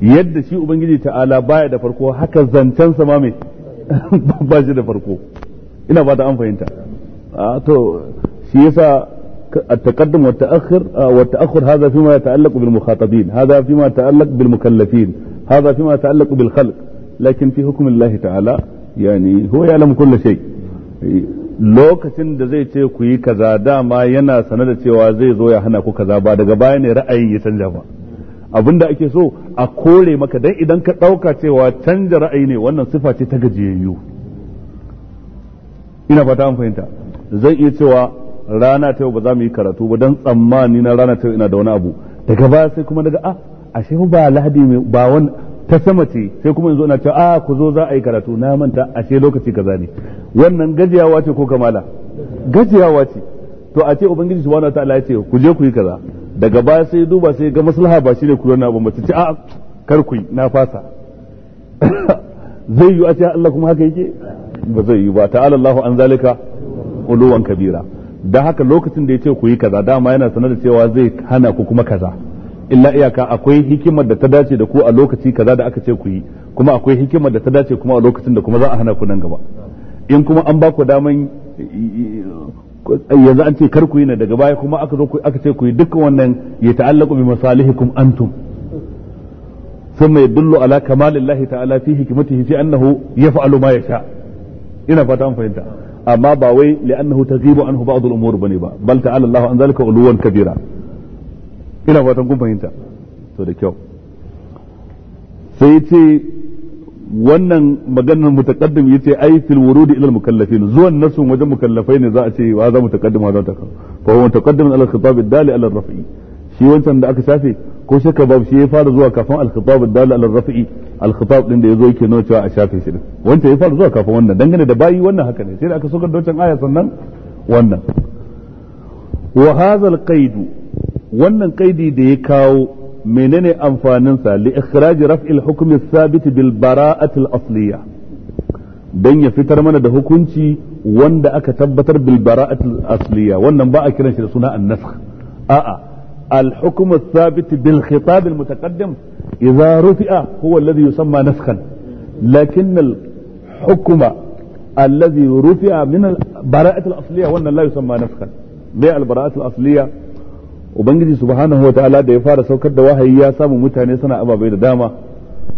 يد شيء بنجي تعالى بعد فرقه هكا زنتن سمامي باجي فرقه إنا بعد أن فهمت أتو آه، سيسا التقدم والتأخر آه، والتأخر هذا فيما يتعلق بالمخاطبين هذا فيما يتعلق بالمكلفين هذا فيما يتعلق بالخلق لكن في حكم الله تعالى yani ya lam kullu shay eh, lokacin da zai ce ku yi kaza dama yana sanar da cewa zai zo ya hana ku kaza ba daga baya ne ra'ayin ya canja ba abinda ake so a kore maka dan idan ka ɗauka cewa canja ra'ayi ne wannan sifa ce ta gajiyayyu ina fata an fahimta zan iya cewa rana ta yau ba za mu yi karatu ba dan tsammani na rana ta ina da wani abu daga baya sai kuma daga a ah, ashe ba lahadi ba wani ta sama ce sai kuma yanzu ana cewa a ah, ku zo za a yi karatu na manta ashe lokaci kaza ne wannan gajiyawa ce ko kamala gajiyawa ce to a ce ubangiji subhanahu wataala ya ce ku je ku yi kaza daga baya sai duba sai ga maslaha ba shi ne ku yana abin ce a ah, kar ku na fasa zai yi a ce Allah kuma haka yake ba zai yi ba ta'ala Allahu an zalika uluwan kabira da haka lokacin da ya ce ku yi kaza dama yana sanar da cewa zai hana ku kuma kaza illa iyaka akwai hikimar da ta dace da ku a lokaci kaza da aka ce ku yi kuma akwai hikimar da ta dace kuma a lokacin da kuma za a hana ku nan gaba in kuma an ba ku daman yanzu an ce kar ku yi na daga baya kuma aka zo aka ce ku yi dukkan wannan ya ta'allaqu bi masalihikum antum ثم يدل على كمال الله fi في حكمته annahu انه يفعل ما يشاء ina fata an fahimta amma ba wai li'annahu tazibu anhu ba'd al-umur bane ba bal ta'ala Allahu an zalika uluwan kabira ina fatan kun fahimta to da kyau sai ce wannan maganar mutaqaddim yace ai fil wurudi ila mukallafin zuwan nasun wajen mukallafai ne za a ce wa za mutaqaddim wa za ta kan fa huwa mutaqaddim ala al-khitab ad-dali ala ar-raf'i shi wancan da aka shafe ko shakka babu shi ya fara zuwa kafin al-khitab ad-dali ala ar-raf'i al-khitab din da yazo yake nuna cewa a shafe shi din wancan ya fara zuwa kafin wannan dangane da bayi wannan haka ne sai da aka sokar da wancan aya sannan wannan wa hadha al-qaidu wannan kaidi da ya kawo menene amfaninsa li ikhraj raf'il hukm thabit bil bara'at al asliya dan ya fitar mana da hukunci wanda aka tabbatar bil bara'at al asliya wannan ba a kiran shi da suna an nasakh a al hukm thabit bil khitab al mutaqaddim idha rufi'a huwa alladhi yusamma nasakhan lakin al hukm alladhi rufi'a min al الذي al asliya wannan la yusamma لا bi al ما al asliya ubangiji subhanahu wataala da ya fara saukar da wahayi ya samu mutane suna ababai da dama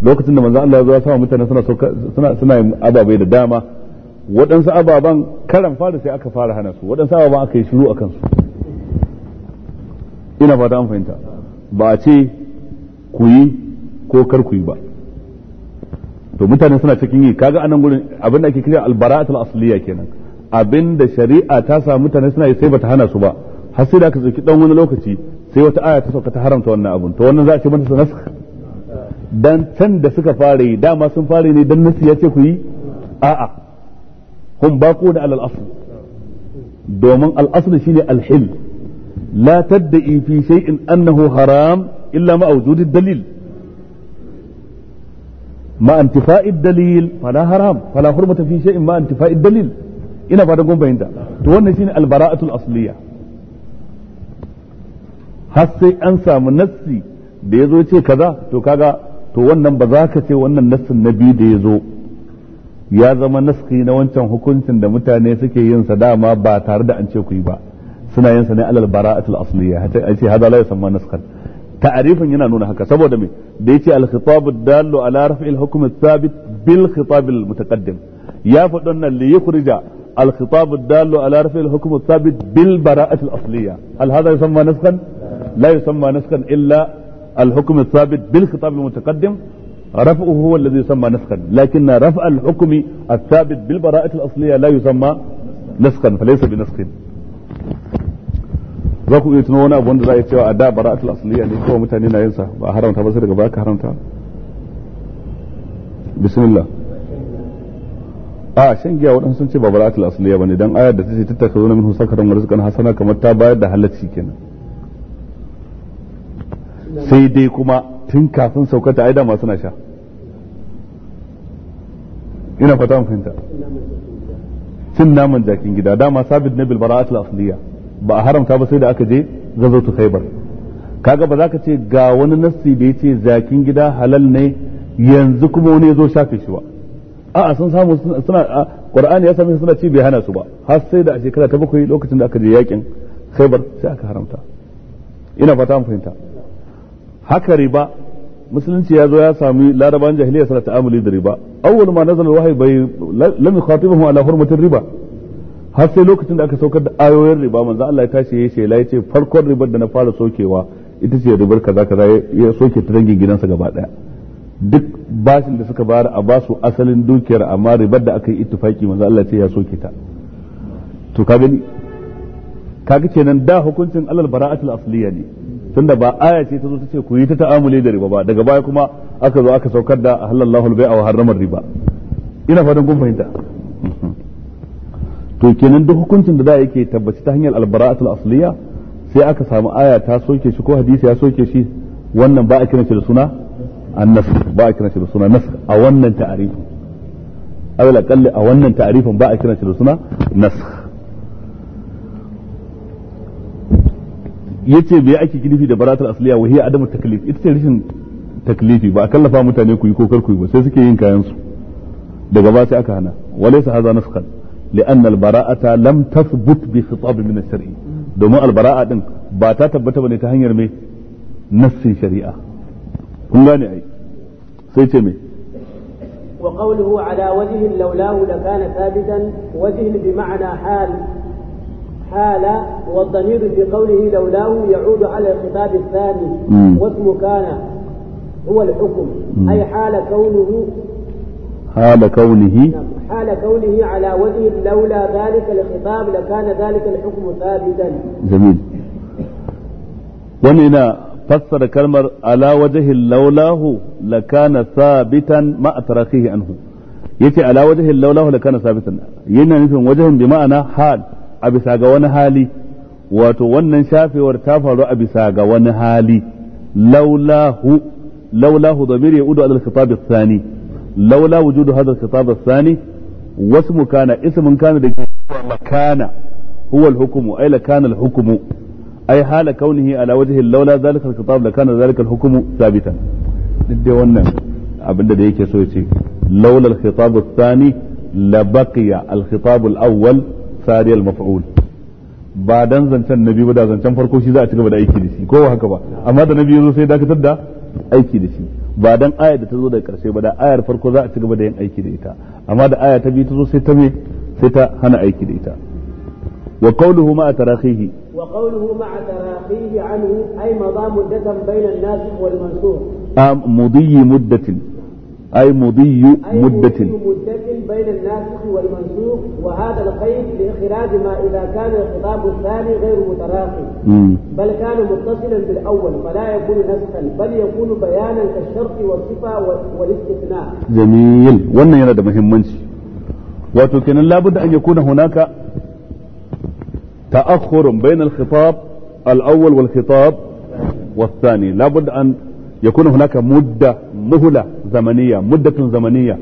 lokacin da manzon Allah ya zo ya samu mutane suna suna suna ababai da dama waɗansu ababan karan fara sai aka fara hana su waɗansu ababan aka yi shiru a kansu ina fata an fahimta ba a ce ku yi ko kar ku yi ba to mutane suna cikin yi kaga anan gurin abin da ake kira albara'atul asliya kenan abin da shari'a ta sa mutane suna yi sai bata hana su ba har sai da aka tsaki dan wani lokaci sai wata aya ta sauka ta haramta wannan abun to wannan za a ce mata nask dan can da suka fara yi dama sun fara ne dan nasu ya ce ku yi a'a hum baqu da alal asl domin al asl shine al hil la tad'i fi shay'in annahu haram illa ma wujud ad dalil ma intifa'i ad dalil fala haram fala hurmata fi shay'in ma intifa'i ad dalil ina ba da gumbayinta to wannan shine al bara'atul asliyah har sai an samu nassi da ya zo ce kaza to kaga to wannan ba za ka ce wannan nassin na biyu da ya zo ya zama naski na wancan hukuncin da mutane suke yin sa dama ba tare da an ce ku yi ba suna yin sa ne alal bara'atul asliya hatta an ce hada la yusamma naskan ta'arifin yana nuna haka saboda me da yace al khitab dallu ala raf'il hukm thabit bil khitab al mutaqaddim ya faɗi wannan li yukhrija al khitab dallu ala raf'il hukm thabit bil bara'atul asliya hal hada yusamma naskan لا يسمى نسخا إلا الحكم الثابت بالخطاب المتقدم رفعه هو الذي يسمى نسخا لكن رفع الحكم الثابت بالبراءة الأصلية لا يسمى نسخا فليس بنسخ za iya tuno wani abu wanda za a yi cewa a da bara'atul asliya ne kawai mutane na yinsa ba haramta ba sai daga baya haramta bismillah a shan giya waɗansu sun ce ba bara'atul asliya bane dan ayar da ta ce tattaka zo na minhu sakaran wa hasana kamar ta bayar da halacci kenan sai dai kuma tun kafin saukar ta aida masu sha ina fata fahimta cin naman jakin gida dama sabit na bilbara asla asliya ba a haramta ba sai da aka je zazzautu khaibar kaga ba za ka ce ga wani nassi da ya ce zakin gida halal ne yanzu kuma wani ya zo shafe shi ba a'a sun samu suna qur'ani ya sami suna ci bai hana su ba har sai da a shekara ta bakwai lokacin da aka je yakin haibar sai aka haramta ina fata an fahimta haka riba musulunci ya zo ya sami laraban jahiliya sana ta'amuli da riba awwal ma nazal wahyi bai lam yukhatibuhum ala hurmatir riba har sai lokacin da aka saukar da ayoyin riba manzo Allah ya tashi yayi shela yace farkon ribar da na fara sokewa ita ce ribar kaza kaza ya soke ta dangin gidansa gaba daya duk bashin da suka bayar a basu asalin dukiyar amma ribar da aka yi ittifaki manzo Allah ce ya soke ta to ka gani kaga kenan da hukuncin alal bara'atul asliya ne tunda ba aya ce ta zo ta ce ku yi ta ta'amuli da riba ba daga baya kuma aka zo aka saukar da halallahu al-bai'a wa harramar riba ina fatan kun fahimta to kenan duk hukuncin da da yake tabbaci ta hanyar albara'atul asliya sai aka samu aya ta soke shi ko hadisi ya soke shi wannan ba a kiran shi da suna annas ba a kiran shi da suna nas a wannan ta'arifin awil a wannan ta'arifin ba a kiran shi da suna nasakh ya ce me ake kidifi da baratul asliya wa hiya adamu taklif ita ce rashin taklifi ba a kallafa mutane ku yi ko kar ba sai suke yin kayan su daga ba sai aka hana walaysa hadha nafqan لأن البراءة لم تثبت بخطاب من الشرع domin albara'a din ba ta tabbata bane ta hanyar mai nassin shari'a kun gane ai sai ce me wa qawluhu ala wajhi lawlahu lakana thabitan wajhi bi ma'ana hal حال والضمير في قوله لولاه يعود على الخطاب الثاني واسم كان هو الحكم أي حال كونه حال كونه نعم، حال كونه على وجه لولا ذلك الخطاب لكان ذلك الحكم ثابتا جميل وننا فسر كلمة على وجه لولاه لكان ثابتا ما أتركه عنه يتي على وجه لولاه لكان ثابتا ينا نفهم وجه بمعنى حال a bisa ga wani hali wato wannan shafewar ta faru a bisa ga wani hali laulahu laulahu damir yaudu ala al-khitab ath-thani laula wujudu hadha al-khitab ath wasu wasmu kana ismun kana da makana huwa al-hukmu ay la kana al ay hala kaunihi ala wajhi laula dhalika al-khitab la kana dhalika al-hukmu thabitan dai wannan abinda da yake so ya ce laula al-khitab ath-thani la baqiya al-khitab sari al-maf'ul ba dan zancen nabi ba da zancen farko shi za a ci gaba da aiki da shi ko haka ba amma da nabi yazo sai dakatar da aiki da shi ba dan ayar da ta zo daga karshe ba da ayar farko za a ci gaba da yin aiki da ita amma da aya ta biyu ta zo sai ta me sai ta hana aiki da ita wa qawluhu ma tarahihi wa qawluhu ma tarahihi anhu ay madha muddatan bayna an-nas wal mansur am mudhi muddatin أي مضي مدة أي مدة بين الناسخ والمنسوخ وهذا القيد لإخراج ما إذا كان الخطاب الثاني غير متراخي بل كان متصلا بالأول فلا يكون نسخا بل يكون بيانا كالشرط والصفة والاستثناء جميل وأن يرد مهمنش وتكن لابد أن يكون هناك تأخر بين الخطاب الأول والخطاب والثاني لابد أن يكون هناك مدة مهلة zamaniya muddatun zamaniya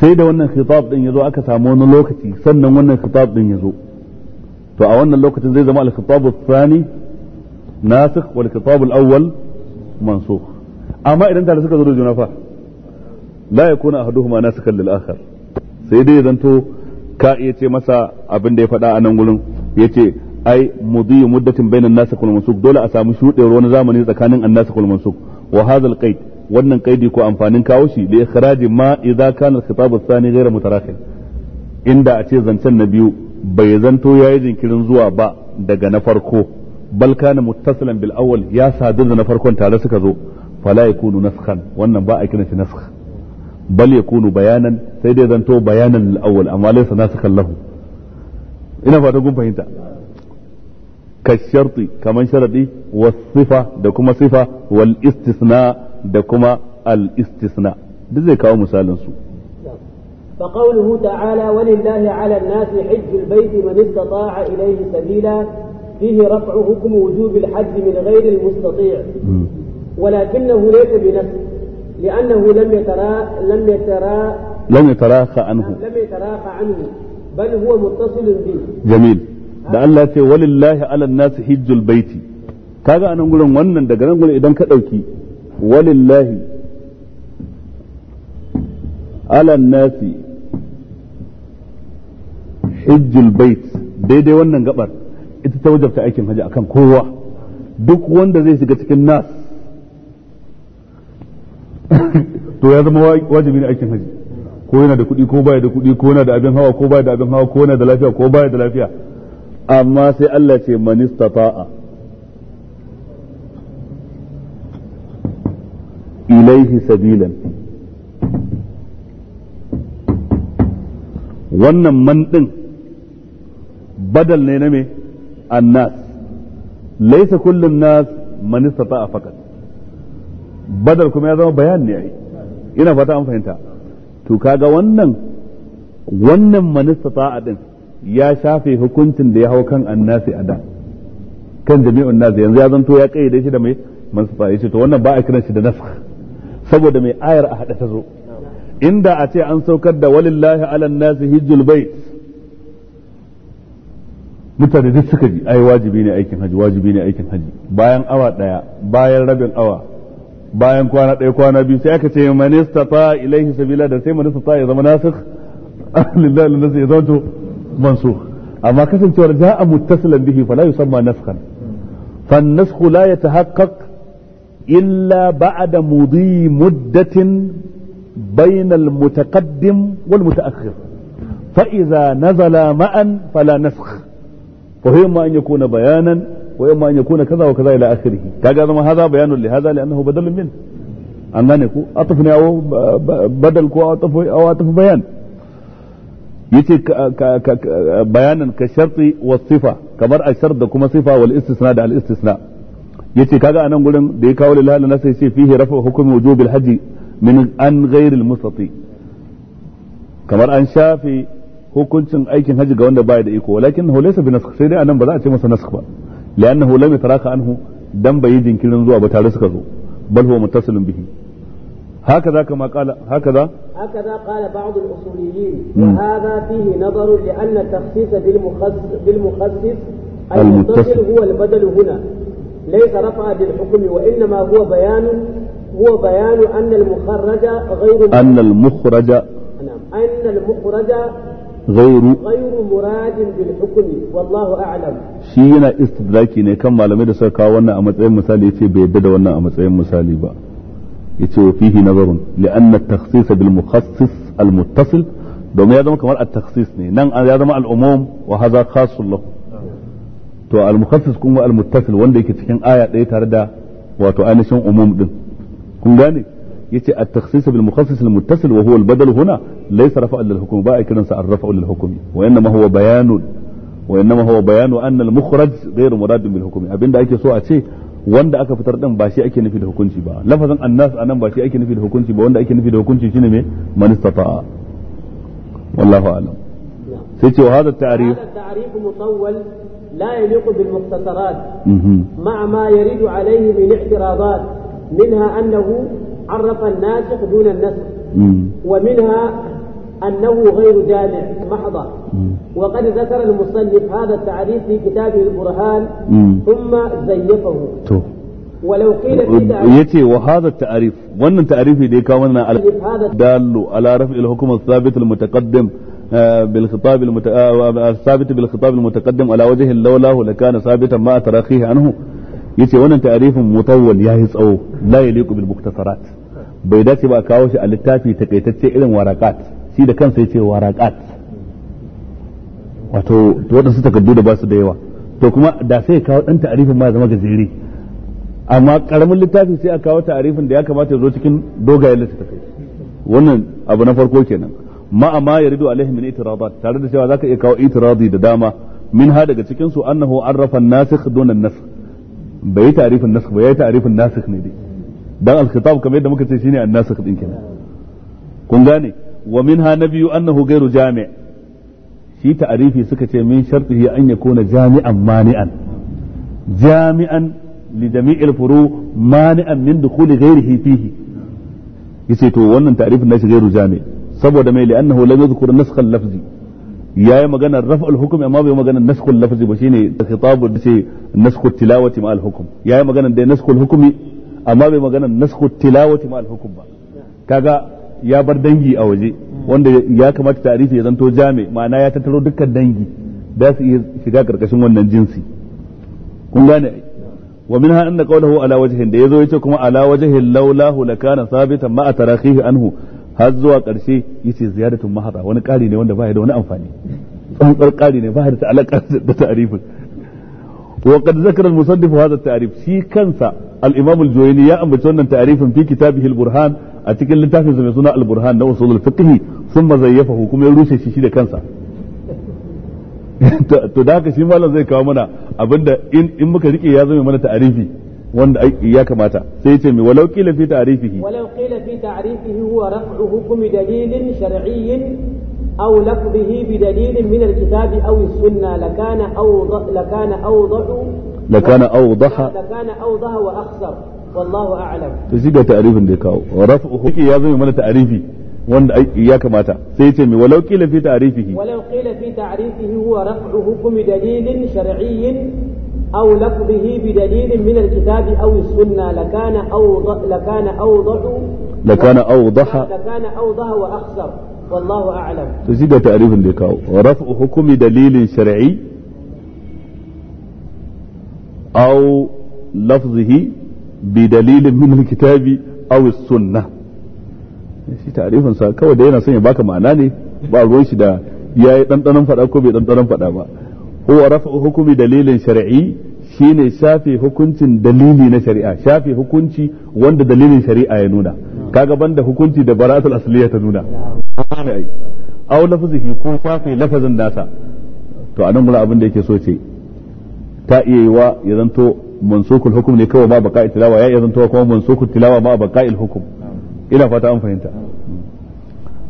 sai da wannan khitab din yazo aka samu wani lokaci sannan wannan khitab din yazo to a wannan lokacin zai zama al-khitab ath-thani nasikh wal khitab al-awwal mansukh amma idan tare suka zo da juna fa la yakuna ahaduhuma nasikhan lil akhar sai dai zanto ka iya ce masa abin da ya faɗa a nan gurin yace ai mudhi muddatin bainan nasikh wal mansukh dole a samu shudewar wani zamani tsakanin an-nasikh wal mansukh wa hadha al-qaid wannan kaidi ko amfanin kawo shi da ikhraji ma idza kana al-khitab ath-thani ghayra mutarakhil inda a ce zancen na biyu bai zanto yayi jinkirin zuwa ba daga na farko bal kana muttasilan bil awwal ya sadu da na farkon tare suka zo fala yakunu naskhan wannan ba a kiran shi naskh bal yakunu bayanan sai dai zanto bayanan al awwal amma laysa naskhan lahu ina fata kun fahimta Ka sharti kaman كالشرط كمان sifa da kuma sifa wal والاستثناء da kuma al-istisna duk zai kawo misalin su فقوله تعالى ولله على الناس حج البيت من استطاع إليه سبيلا فيه رفع حكم وجوب الحج من غير المستطيع ولكنه ليس بنفس لأنه لم يترا لم يترا لم يتراخى عنه لم يتراخى عنه بل هو متصل به جميل da Allah ce walillahi ala nasi hijjul baiti kaga anan gurin wannan daga nan gurin idan ka dauki walillahi ala nasi hijjul bait daidai wannan gabar ita ta wajabta aikin haji akan kowa duk wanda zai shiga cikin nas to ya zama wajibi ne aikin haji ko yana da kuɗi ko baya da kuɗi ko yana da abin hawa ko baya da abin hawa ko yana da lafiya ko baya da lafiya amma sai Allah ce manista fa'a. ilaihi sabilan wannan man ɗin badal ne na me annas laisa kullum nas man a faqat badal kuma ya zama bayan ne ai ina fata an fahimta to kaga wannan wannan man istata'a din ya shafe hukuncin da ya hau kan annasi a da kan jami'un nas yanzu ya zanto ya kayyade shi da mai man istata'a shi to wannan ba a kiran shi da nasakh saboda mai ayar a haɗa ta zo inda a ce an saukar da walillahi alan nasi hijjul bait mutane duk suka ji ai wajibi ne aikin haji wajibi ne aikin haji bayan awa daya bayan rabin awa bayan kwana daya kwana biyu sai aka ce man istata ilaihi sabila da sai man istata ya zama nasikh lillahi lillahi ya zama to mansukh amma kasancewar ja'a muttasilan bihi fala yusamma naskan fan nasku la yatahaqqaq إلا بعد مضي مدة بين المتقدم والمتأخر فإذا نزل معا فلا نسخ فهما أن يكون بيانا وإما أن يكون كذا وكذا إلى آخره كذا هذا بيان لهذا لأنه بدل منه أنني أطفني أو بدل أو أطف أو أطف بيان atuf bayan yace bayanan ka sharti wa sifa kamar a da kuma sifa wal yace kaga anan gurin da ya kawo lillahi na sai ce fihi rafa hukmi wujubil hajji min an ghairil mustati kamar an shafe hukuncin aikin haji ga wanda baya da iko walakin hu laysa bi nasakh sai dai anan ba za a ce masa nasakh ba li'annahu lam yataraka anhu dan bai jinkirin zuwa ba tare suka zo bal huwa muttasilun bihi هكذا كما قال هكذا هكذا قال بعض الاصوليين وهذا فيه نظر لان التخصيص بالمخصص بالمخصص المتصل هو البدل هنا ليس رفع بالحكم وإنما هو بيان هو بيان أن المخرج غير أن المخرج نعم أن المخرج غير غير مراد بالحكم والله shi yana ne kan malamai da suka kawo wannan a matsayin misali yace bai yadda da wannan a matsayin misali ba yace wa fihi nazarun li anna takhsis bil mukhassis al muttasil domin ya zama kamar at-takhsis ne nan ya zama al umum wa hadha khassun lahu to al-mukhassis kuma al-muttasil wanda yake cikin aya ɗaya tare da wato ainihin umum din kun gane yace at-takhsis bil mukhassis al-muttasil wa huwa al-badal huna laysa rafa'a lil hukm ba'a kiran sa ar-rafa'u lil hukm wa innama huwa bayanun wa innama huwa bayanu anna al-mukhraj ghayr murad bil hukm abinda ake so a ce wanda aka fitar din ba shi ake nufi da hukunci ba lafazin annas anan ba shi ake nufi da hukunci ba wanda ake nufi da hukunci shine me manistafa wallahu a'lam sai ce wa hadha at-ta'rif لا يليق بالمختصرات مع ما يرد عليه من اعتراضات منها أنه عرف الناسخ دون النسخ ومنها أنه غير جامع محضة وقد ذكر المصنف هذا التعريف في كتابه البرهان ثم زيفه ولو قيل في يتي وهذا التعريف وان التعريف اللي كان هذا دال على رفع الحكم الثابت المتقدم بالخطاب المت... الثابت بالخطاب المتقدم على وجه لولاه لكان ثابتا ما تراخيه عنه yace wannan ta'arifin mutawwal yayi tsawo la yaliqu bil muktasarat bai dace ba kawo shi a littafi takaitacce irin waraqat shi da kansa yace waraqat wato wannan su takaddu da basu da yawa to kuma da sai kawo dan ta'arifin ma zama gajere amma karamin littafi sai a kawo ta'arifin da ya kamata ya zo cikin dogaye littafi wannan abu na farko kenan ma'a ma yaridu alaihim min itiradat tare da cewa zaka iya kawo itiradi da dama min ha daga cikin su annahu arrafa nasikh dun an-nasakh bai ta'rifin nasakh ba yi ta'rifin nasikh ne dai dan al-khitab kamar yadda muka ce shine an-nasikh din kenan kun gane wa min ha nabiyu annahu ghairu jami' shi ta'rifi suka ce min shartihi an yakuna jami'an mani'an jami'an li jami'il furu mani'an min dukhuli ghairihi fihi yace to wannan ta'rifin nashi ghairu jami' saboda mai li'annahu lam yadhkur naskhal lafzi yayi maganar raf'ul hukm amma bai maganar naskhul lafzi ba shine khitabu da ce naskhut tilawati ma al hukm yayi maganar da naskhul hukmi amma bai maganar naskhut tilawati ma hukm ba kaga ya bar dangi a waje wanda ya kamata tarifi ya zanto jami ma'ana ya tattaro dukkan dangi da su iya shiga karkashin wannan jinsi kun gane wa minha anna qawluhu ala wajhin da yazo yace kuma ala wajhin laulahu lakana sabitan ma atarahihi anhu har zuwa ƙarshe yace ziyaratun mahara wani ƙari ne wanda baya da wani amfani tsantsar ƙari ne baya da alaƙa da ta'arifin wa qad zakara al-musannif hadha at-ta'rif shi kansa al-imam al-juwayni ya ambaci wannan ta'rifin fi kitabihi al-burhan a cikin littafin sa mai suna al-burhan na usul al-fiqh thumma zayyafahu kuma ya rushe shi shi da kansa to da haka shi malam zai kawo mana abinda in muka rike ya zama mana ta'arifi wanda ya kamata sai ce mai walau kila fi ta'rifihi walau kila fi ta'rifihi huwa raf'u hukmi dalilin shar'iyyin aw lafzihi bi dalilin min al-kitab aw as-sunnah lakana awdah lakana awdah lakana awdah lakana awdah wa akhsar wallahu a'lam to shi da ta'rifin da ya kawo raf'u hukmi ya zama mana ta'rifi wanda ya kamata sai ce mai walau kila fi ta'rifihi walau kila fi ta'rifihi huwa raf'u hukmi dalilin shar'iyyin أو لفظه بدليل من الكتاب أو السنة لكان أوضح لكان أوضح لكان أوضح لكان أوضح وأخسر والله أعلم تزيد تعريف لكاو رفع حكم دليل شرعي أو لفظه بدليل من الكتاب أو السنة shi tarifin sa kawai da yana son ya baka ma'ana ne ba ruwan shi da ya yi ɗanɗanon faɗa ko bai ɗanɗanon faɗa ba huwa raf'u hukumi dalilin shar'i shine shafe hukuncin dalili na shari'a shafe hukunci wanda dalilin shari'a ya nuna kaga banda hukunci da baratul asliya ta nuna aw lafzihi ko shafe lafazin nasa to anan gurin abin da yake so ce ta iya yiwa ya zanto mansukul hukum ne kawai ma baqa'il tilawa ya iya zanto kuma mansukul tilawa ma baqa'il hukum ina fata an fahimta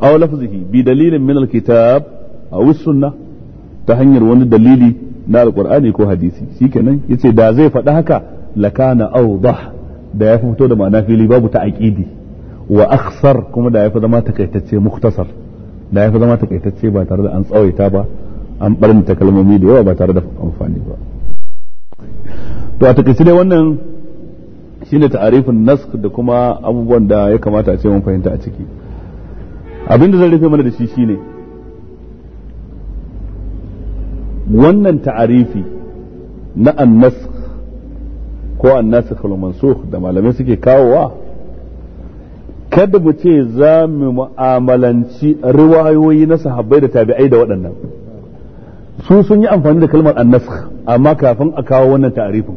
aw lafzihi bi dalilin min alkitab aw as-sunnah ta hanyar wani dalili na alkur'ani ko hadisi shikenan yace da zai faɗi haka lakana awdah da ya fito da ma'ana fili babu ta aqidi wa akhsar kuma da ya fi zama takaitacce muktasar da ya fi zama takaitacce ba tare da an tsawaita ba an barnta kalmomi da yawa ba tare da amfani ba to a takaice dai wannan shine ta'arifin nask da kuma abubuwan da ya kamata a ce mun fahimta a ciki abinda zan rufe mana da shi shine wannan ta'arifi na annas ko annasikh mansukh da malamai suke kawowa kada mu ce za mu mu'amalanci riwayoyi na sahabbai da tabi'ai da waɗannan su sun yi amfani da kalmar annasikh amma kafin a kawo wannan ta'arifin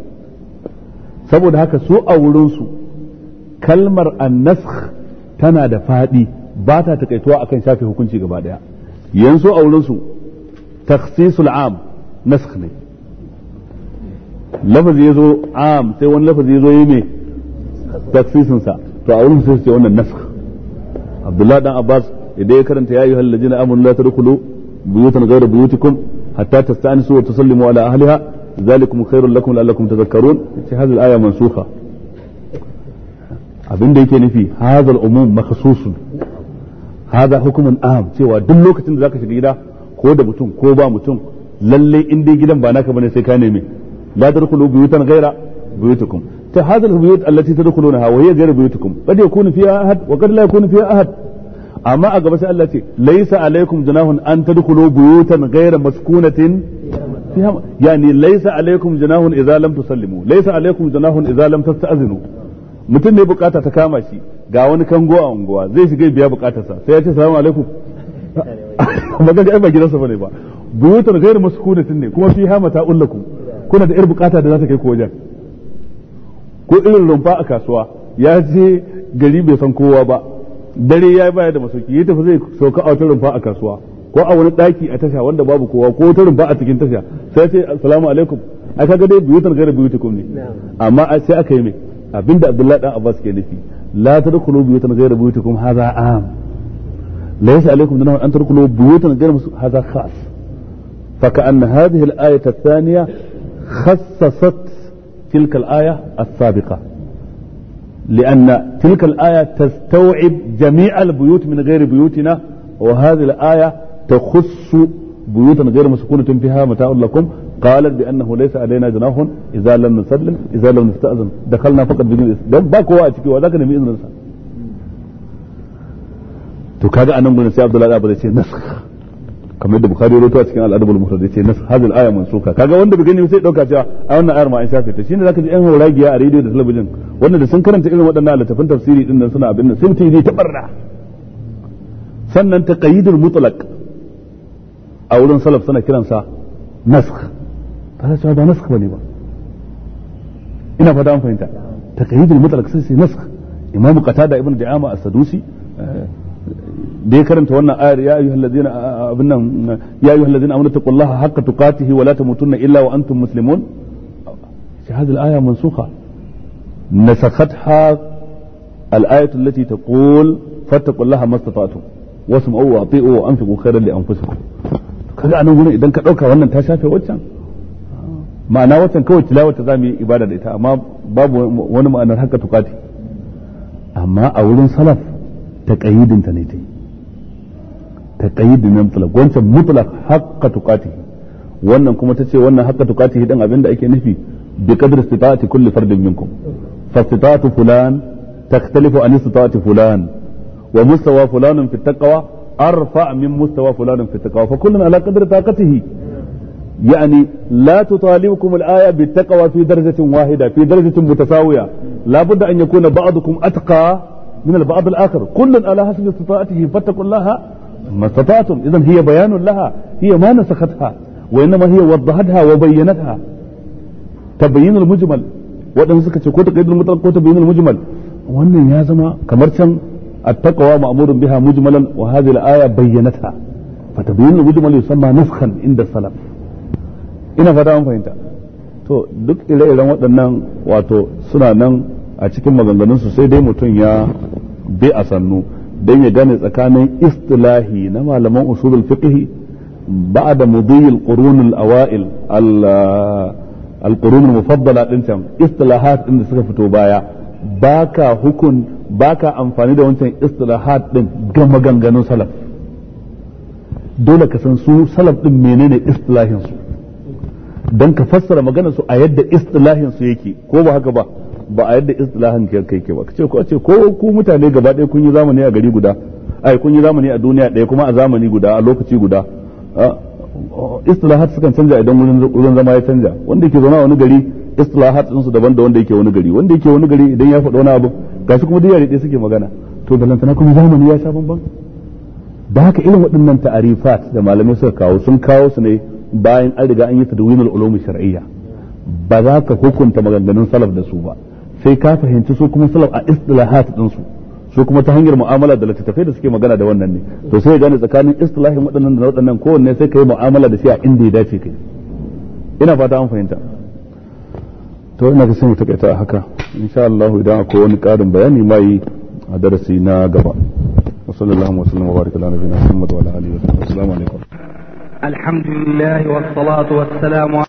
saboda haka su a wurinsu kalmar annasikh tana da faɗi ba ta takaituwa akan shafe hukunci gaba ɗaya yanzu a wurinsu takhsisul am nasakh ne lafazi yazo am sai wani lafazi yazo yi me sa to a wurin sai su ce wannan nasakh Abdullah dan Abbas idan ya karanta ya ayyuhal ladina amanu la tadkhulu buyutan ghayra buyutikum hatta tasta'nisu wa tusallimu ala ahliha ذلكم خير لكم لعلكم تذكرون هذه abin da yake nufi hazal umum makhsusun hada hukumun am cewa duk lokacin da zaka shiga gida ko da mutum ko ba mutum lalle in dai gidan ba naka bane sai ka neme la tadkhulu buyutan ghaira buyutikum ta hadhihi albuyut allati tadkhulunaha wa hiya ghairu buyutikum qad yakunu fiha ahad wa qad la yakunu fiha ahad amma a gaba sai Allah ce laisa alaikum junahun an tadkhulu buyutan ghayra maskunatin yani laisa alaikum junahun idza lam tusallimu laisa alaikum junahun idza lam tasta'zinu mutum ne bukata ta kama shi ga wani kango a unguwa zai shiga biya bukatarsa sai ya ce salamu alaikum ba ga ba gidansa bane ba buyutar gairu maskunatin ne kuma fiha mata'ul lakum kuna da 'yar bukata da za ta kai ko wajen ko irin rumfa a kasuwa ya je gari bai san kowa ba dare ya baya da masauki ya tafi zai sauka a wata rumfa a kasuwa ko a wani daki a tasha wanda babu kowa ko wata rumfa a cikin tasha sai ce assalamu alaikum a kaga dai buyutar gairu buyutukum ne amma sai aka yi mai abinda abdullahi dan abbas ke nufi la tadkhulu buyutan ghayra buyutikum hadha am ليس عليكم جناح أن تدخلوا بيوتا غير هذا خاص فكأن هذه الآية الثانية خصصت تلك الآية السابقة لأن تلك الآية تستوعب جميع البيوت من غير بيوتنا وهذه الآية تخص بيوتا غير مسكونة فيها متاع لكم قالت بأنه ليس علينا جناح إذا لم نسلم إذا لم نستأذن دخلنا فقط بدون إذن باكو واجبي وذاك نمي إذن to kaga anan gurin sai Abdullahi Abba zai ce nasakh kamar yadda Bukhari rawaito a cikin al-Adab al-Mufrad yace nas hadhihi al-aya mansuka kaga wanda bai gani sai dauka cewa a wannan ayar ma an shafe ta shine zaka ji ɗan horagiya a rediyo da talabijin wanda da sun karanta irin waɗannan littafin tafsiri din nan suna abin nan sun tayi ta barna sannan taqayyidul mutlaq a wurin salaf suna kiransa nasakh ba za cewa ba nasakh bane ba ina fata an fahimta taqayyidul mutlaq sai sai nasakh imamu qatada ibn da'ama as-sadusi eh, da ya karanta wannan ayar ya ayyuhal ladzina abin nan ya ayyuhal ladzina amanu taqullaha haqqa tuqatihi wa la tamutunna illa wa antum muslimun shi hadhihi al-aya mansukha nasakhatha al-ayatu allati taqul fattaqullaha mastata'tum wasma'u wa ati'u wa anfiqu khayran li anfusikum kaga anan gurin idan ka dauka wannan ta shafe waccan ma'ana waccan kawai tilawa ta zamu yi ibada da ita amma babu wani ma'anar haka tukati amma a wurin salaf ta kayyidinta ne ta taqayyid min mutlaq wancan mutlaq haqqa tuqatihi wannan kuma tace wannan haqqa tuqatihi dan abinda ake nufi bi qadri istita'ati kulli fardin minkum fastita'atu fulan takhtalifu an istita'ati fulan wa mustawa fulanun fi taqwa arfa min mustawa fulanun fi taqwa fa kullun ala qadri taqatihi يعني لا تطالبكم الآية بالتقوى في درجة واحدة في درجة متساوية لا بد أن يكون بعضكم أتقى من البعض الآخر كل على حسب استطاعته فاتقوا الله mastata'tum idan hiya bayanun laha hiya ma nasakhatha wa inma hiya waddahatha wa bayyanatha tabayyinul mujmal waɗansu suka ko taqidul mutlaq ko tabayyinul mujmal wannan ya zama kamar can التقوى مأمور بها مجملا وهذه الآية بينتها فتبين المجمل يسمى نسخا عند السلف ina fata an fahimta to duk ire-iren waɗannan wato suna nan a cikin maganganunsu sai dai mutum ya bi a sannu dan ya gane tsakanin istilahi na malaman usulul fiqh ba'da da al-qurun al-awail al-qurun uh, al-mufaddala din can istilahat din da suka fito baya baka hukun baka amfani da wancan istilahat din ga maganganun salaf dole ka san su salaf din menene istilahin su dan ka fassara maganar su a yadda istilahin su yake ko ba haka ba ba a yadda istilahan ke kai ke ba kace ko ce ko ku mutane gaba ɗaya kun yi zamani a gari guda ai kun yi zamani a duniya ɗaya kuma a zamani guda a lokaci guda istilahat sukan canja idan wurin zama ya canja wanda yake zama a wani gari istilahat sun su daban da wanda yake wani gari wanda yake wani gari idan ya faɗo wani abu gashi kuma duk yare ɗaya suke magana to balantana kuma zamani ya sha bamban da haka irin waɗannan ta'arifat da malamai suka kawo sun kawo su ne bayan an riga an yi tadwinul ulumi shar'iyya ba za ka hukunta maganganun salaf da su ba sai ka fahimci su kuma salaf a istilahat din su su kuma ta hanyar mu'amala da littattafai da suke magana da wannan ne to sai gane tsakanin istilahin waɗannan da waɗannan kowanne sai ka yi mu'amala da shi a inda ya dace kai ina fata an fahimta to ina ga sai mu takaita haka insha Allah idan akwai wani ƙarin bayani mai a darasi na gaba wa sallallahu wa sallam wa baraka ala nabiyina Muhammad wa ala alihi wa sahbihi assalamu alaikum alhamdulillah was salatu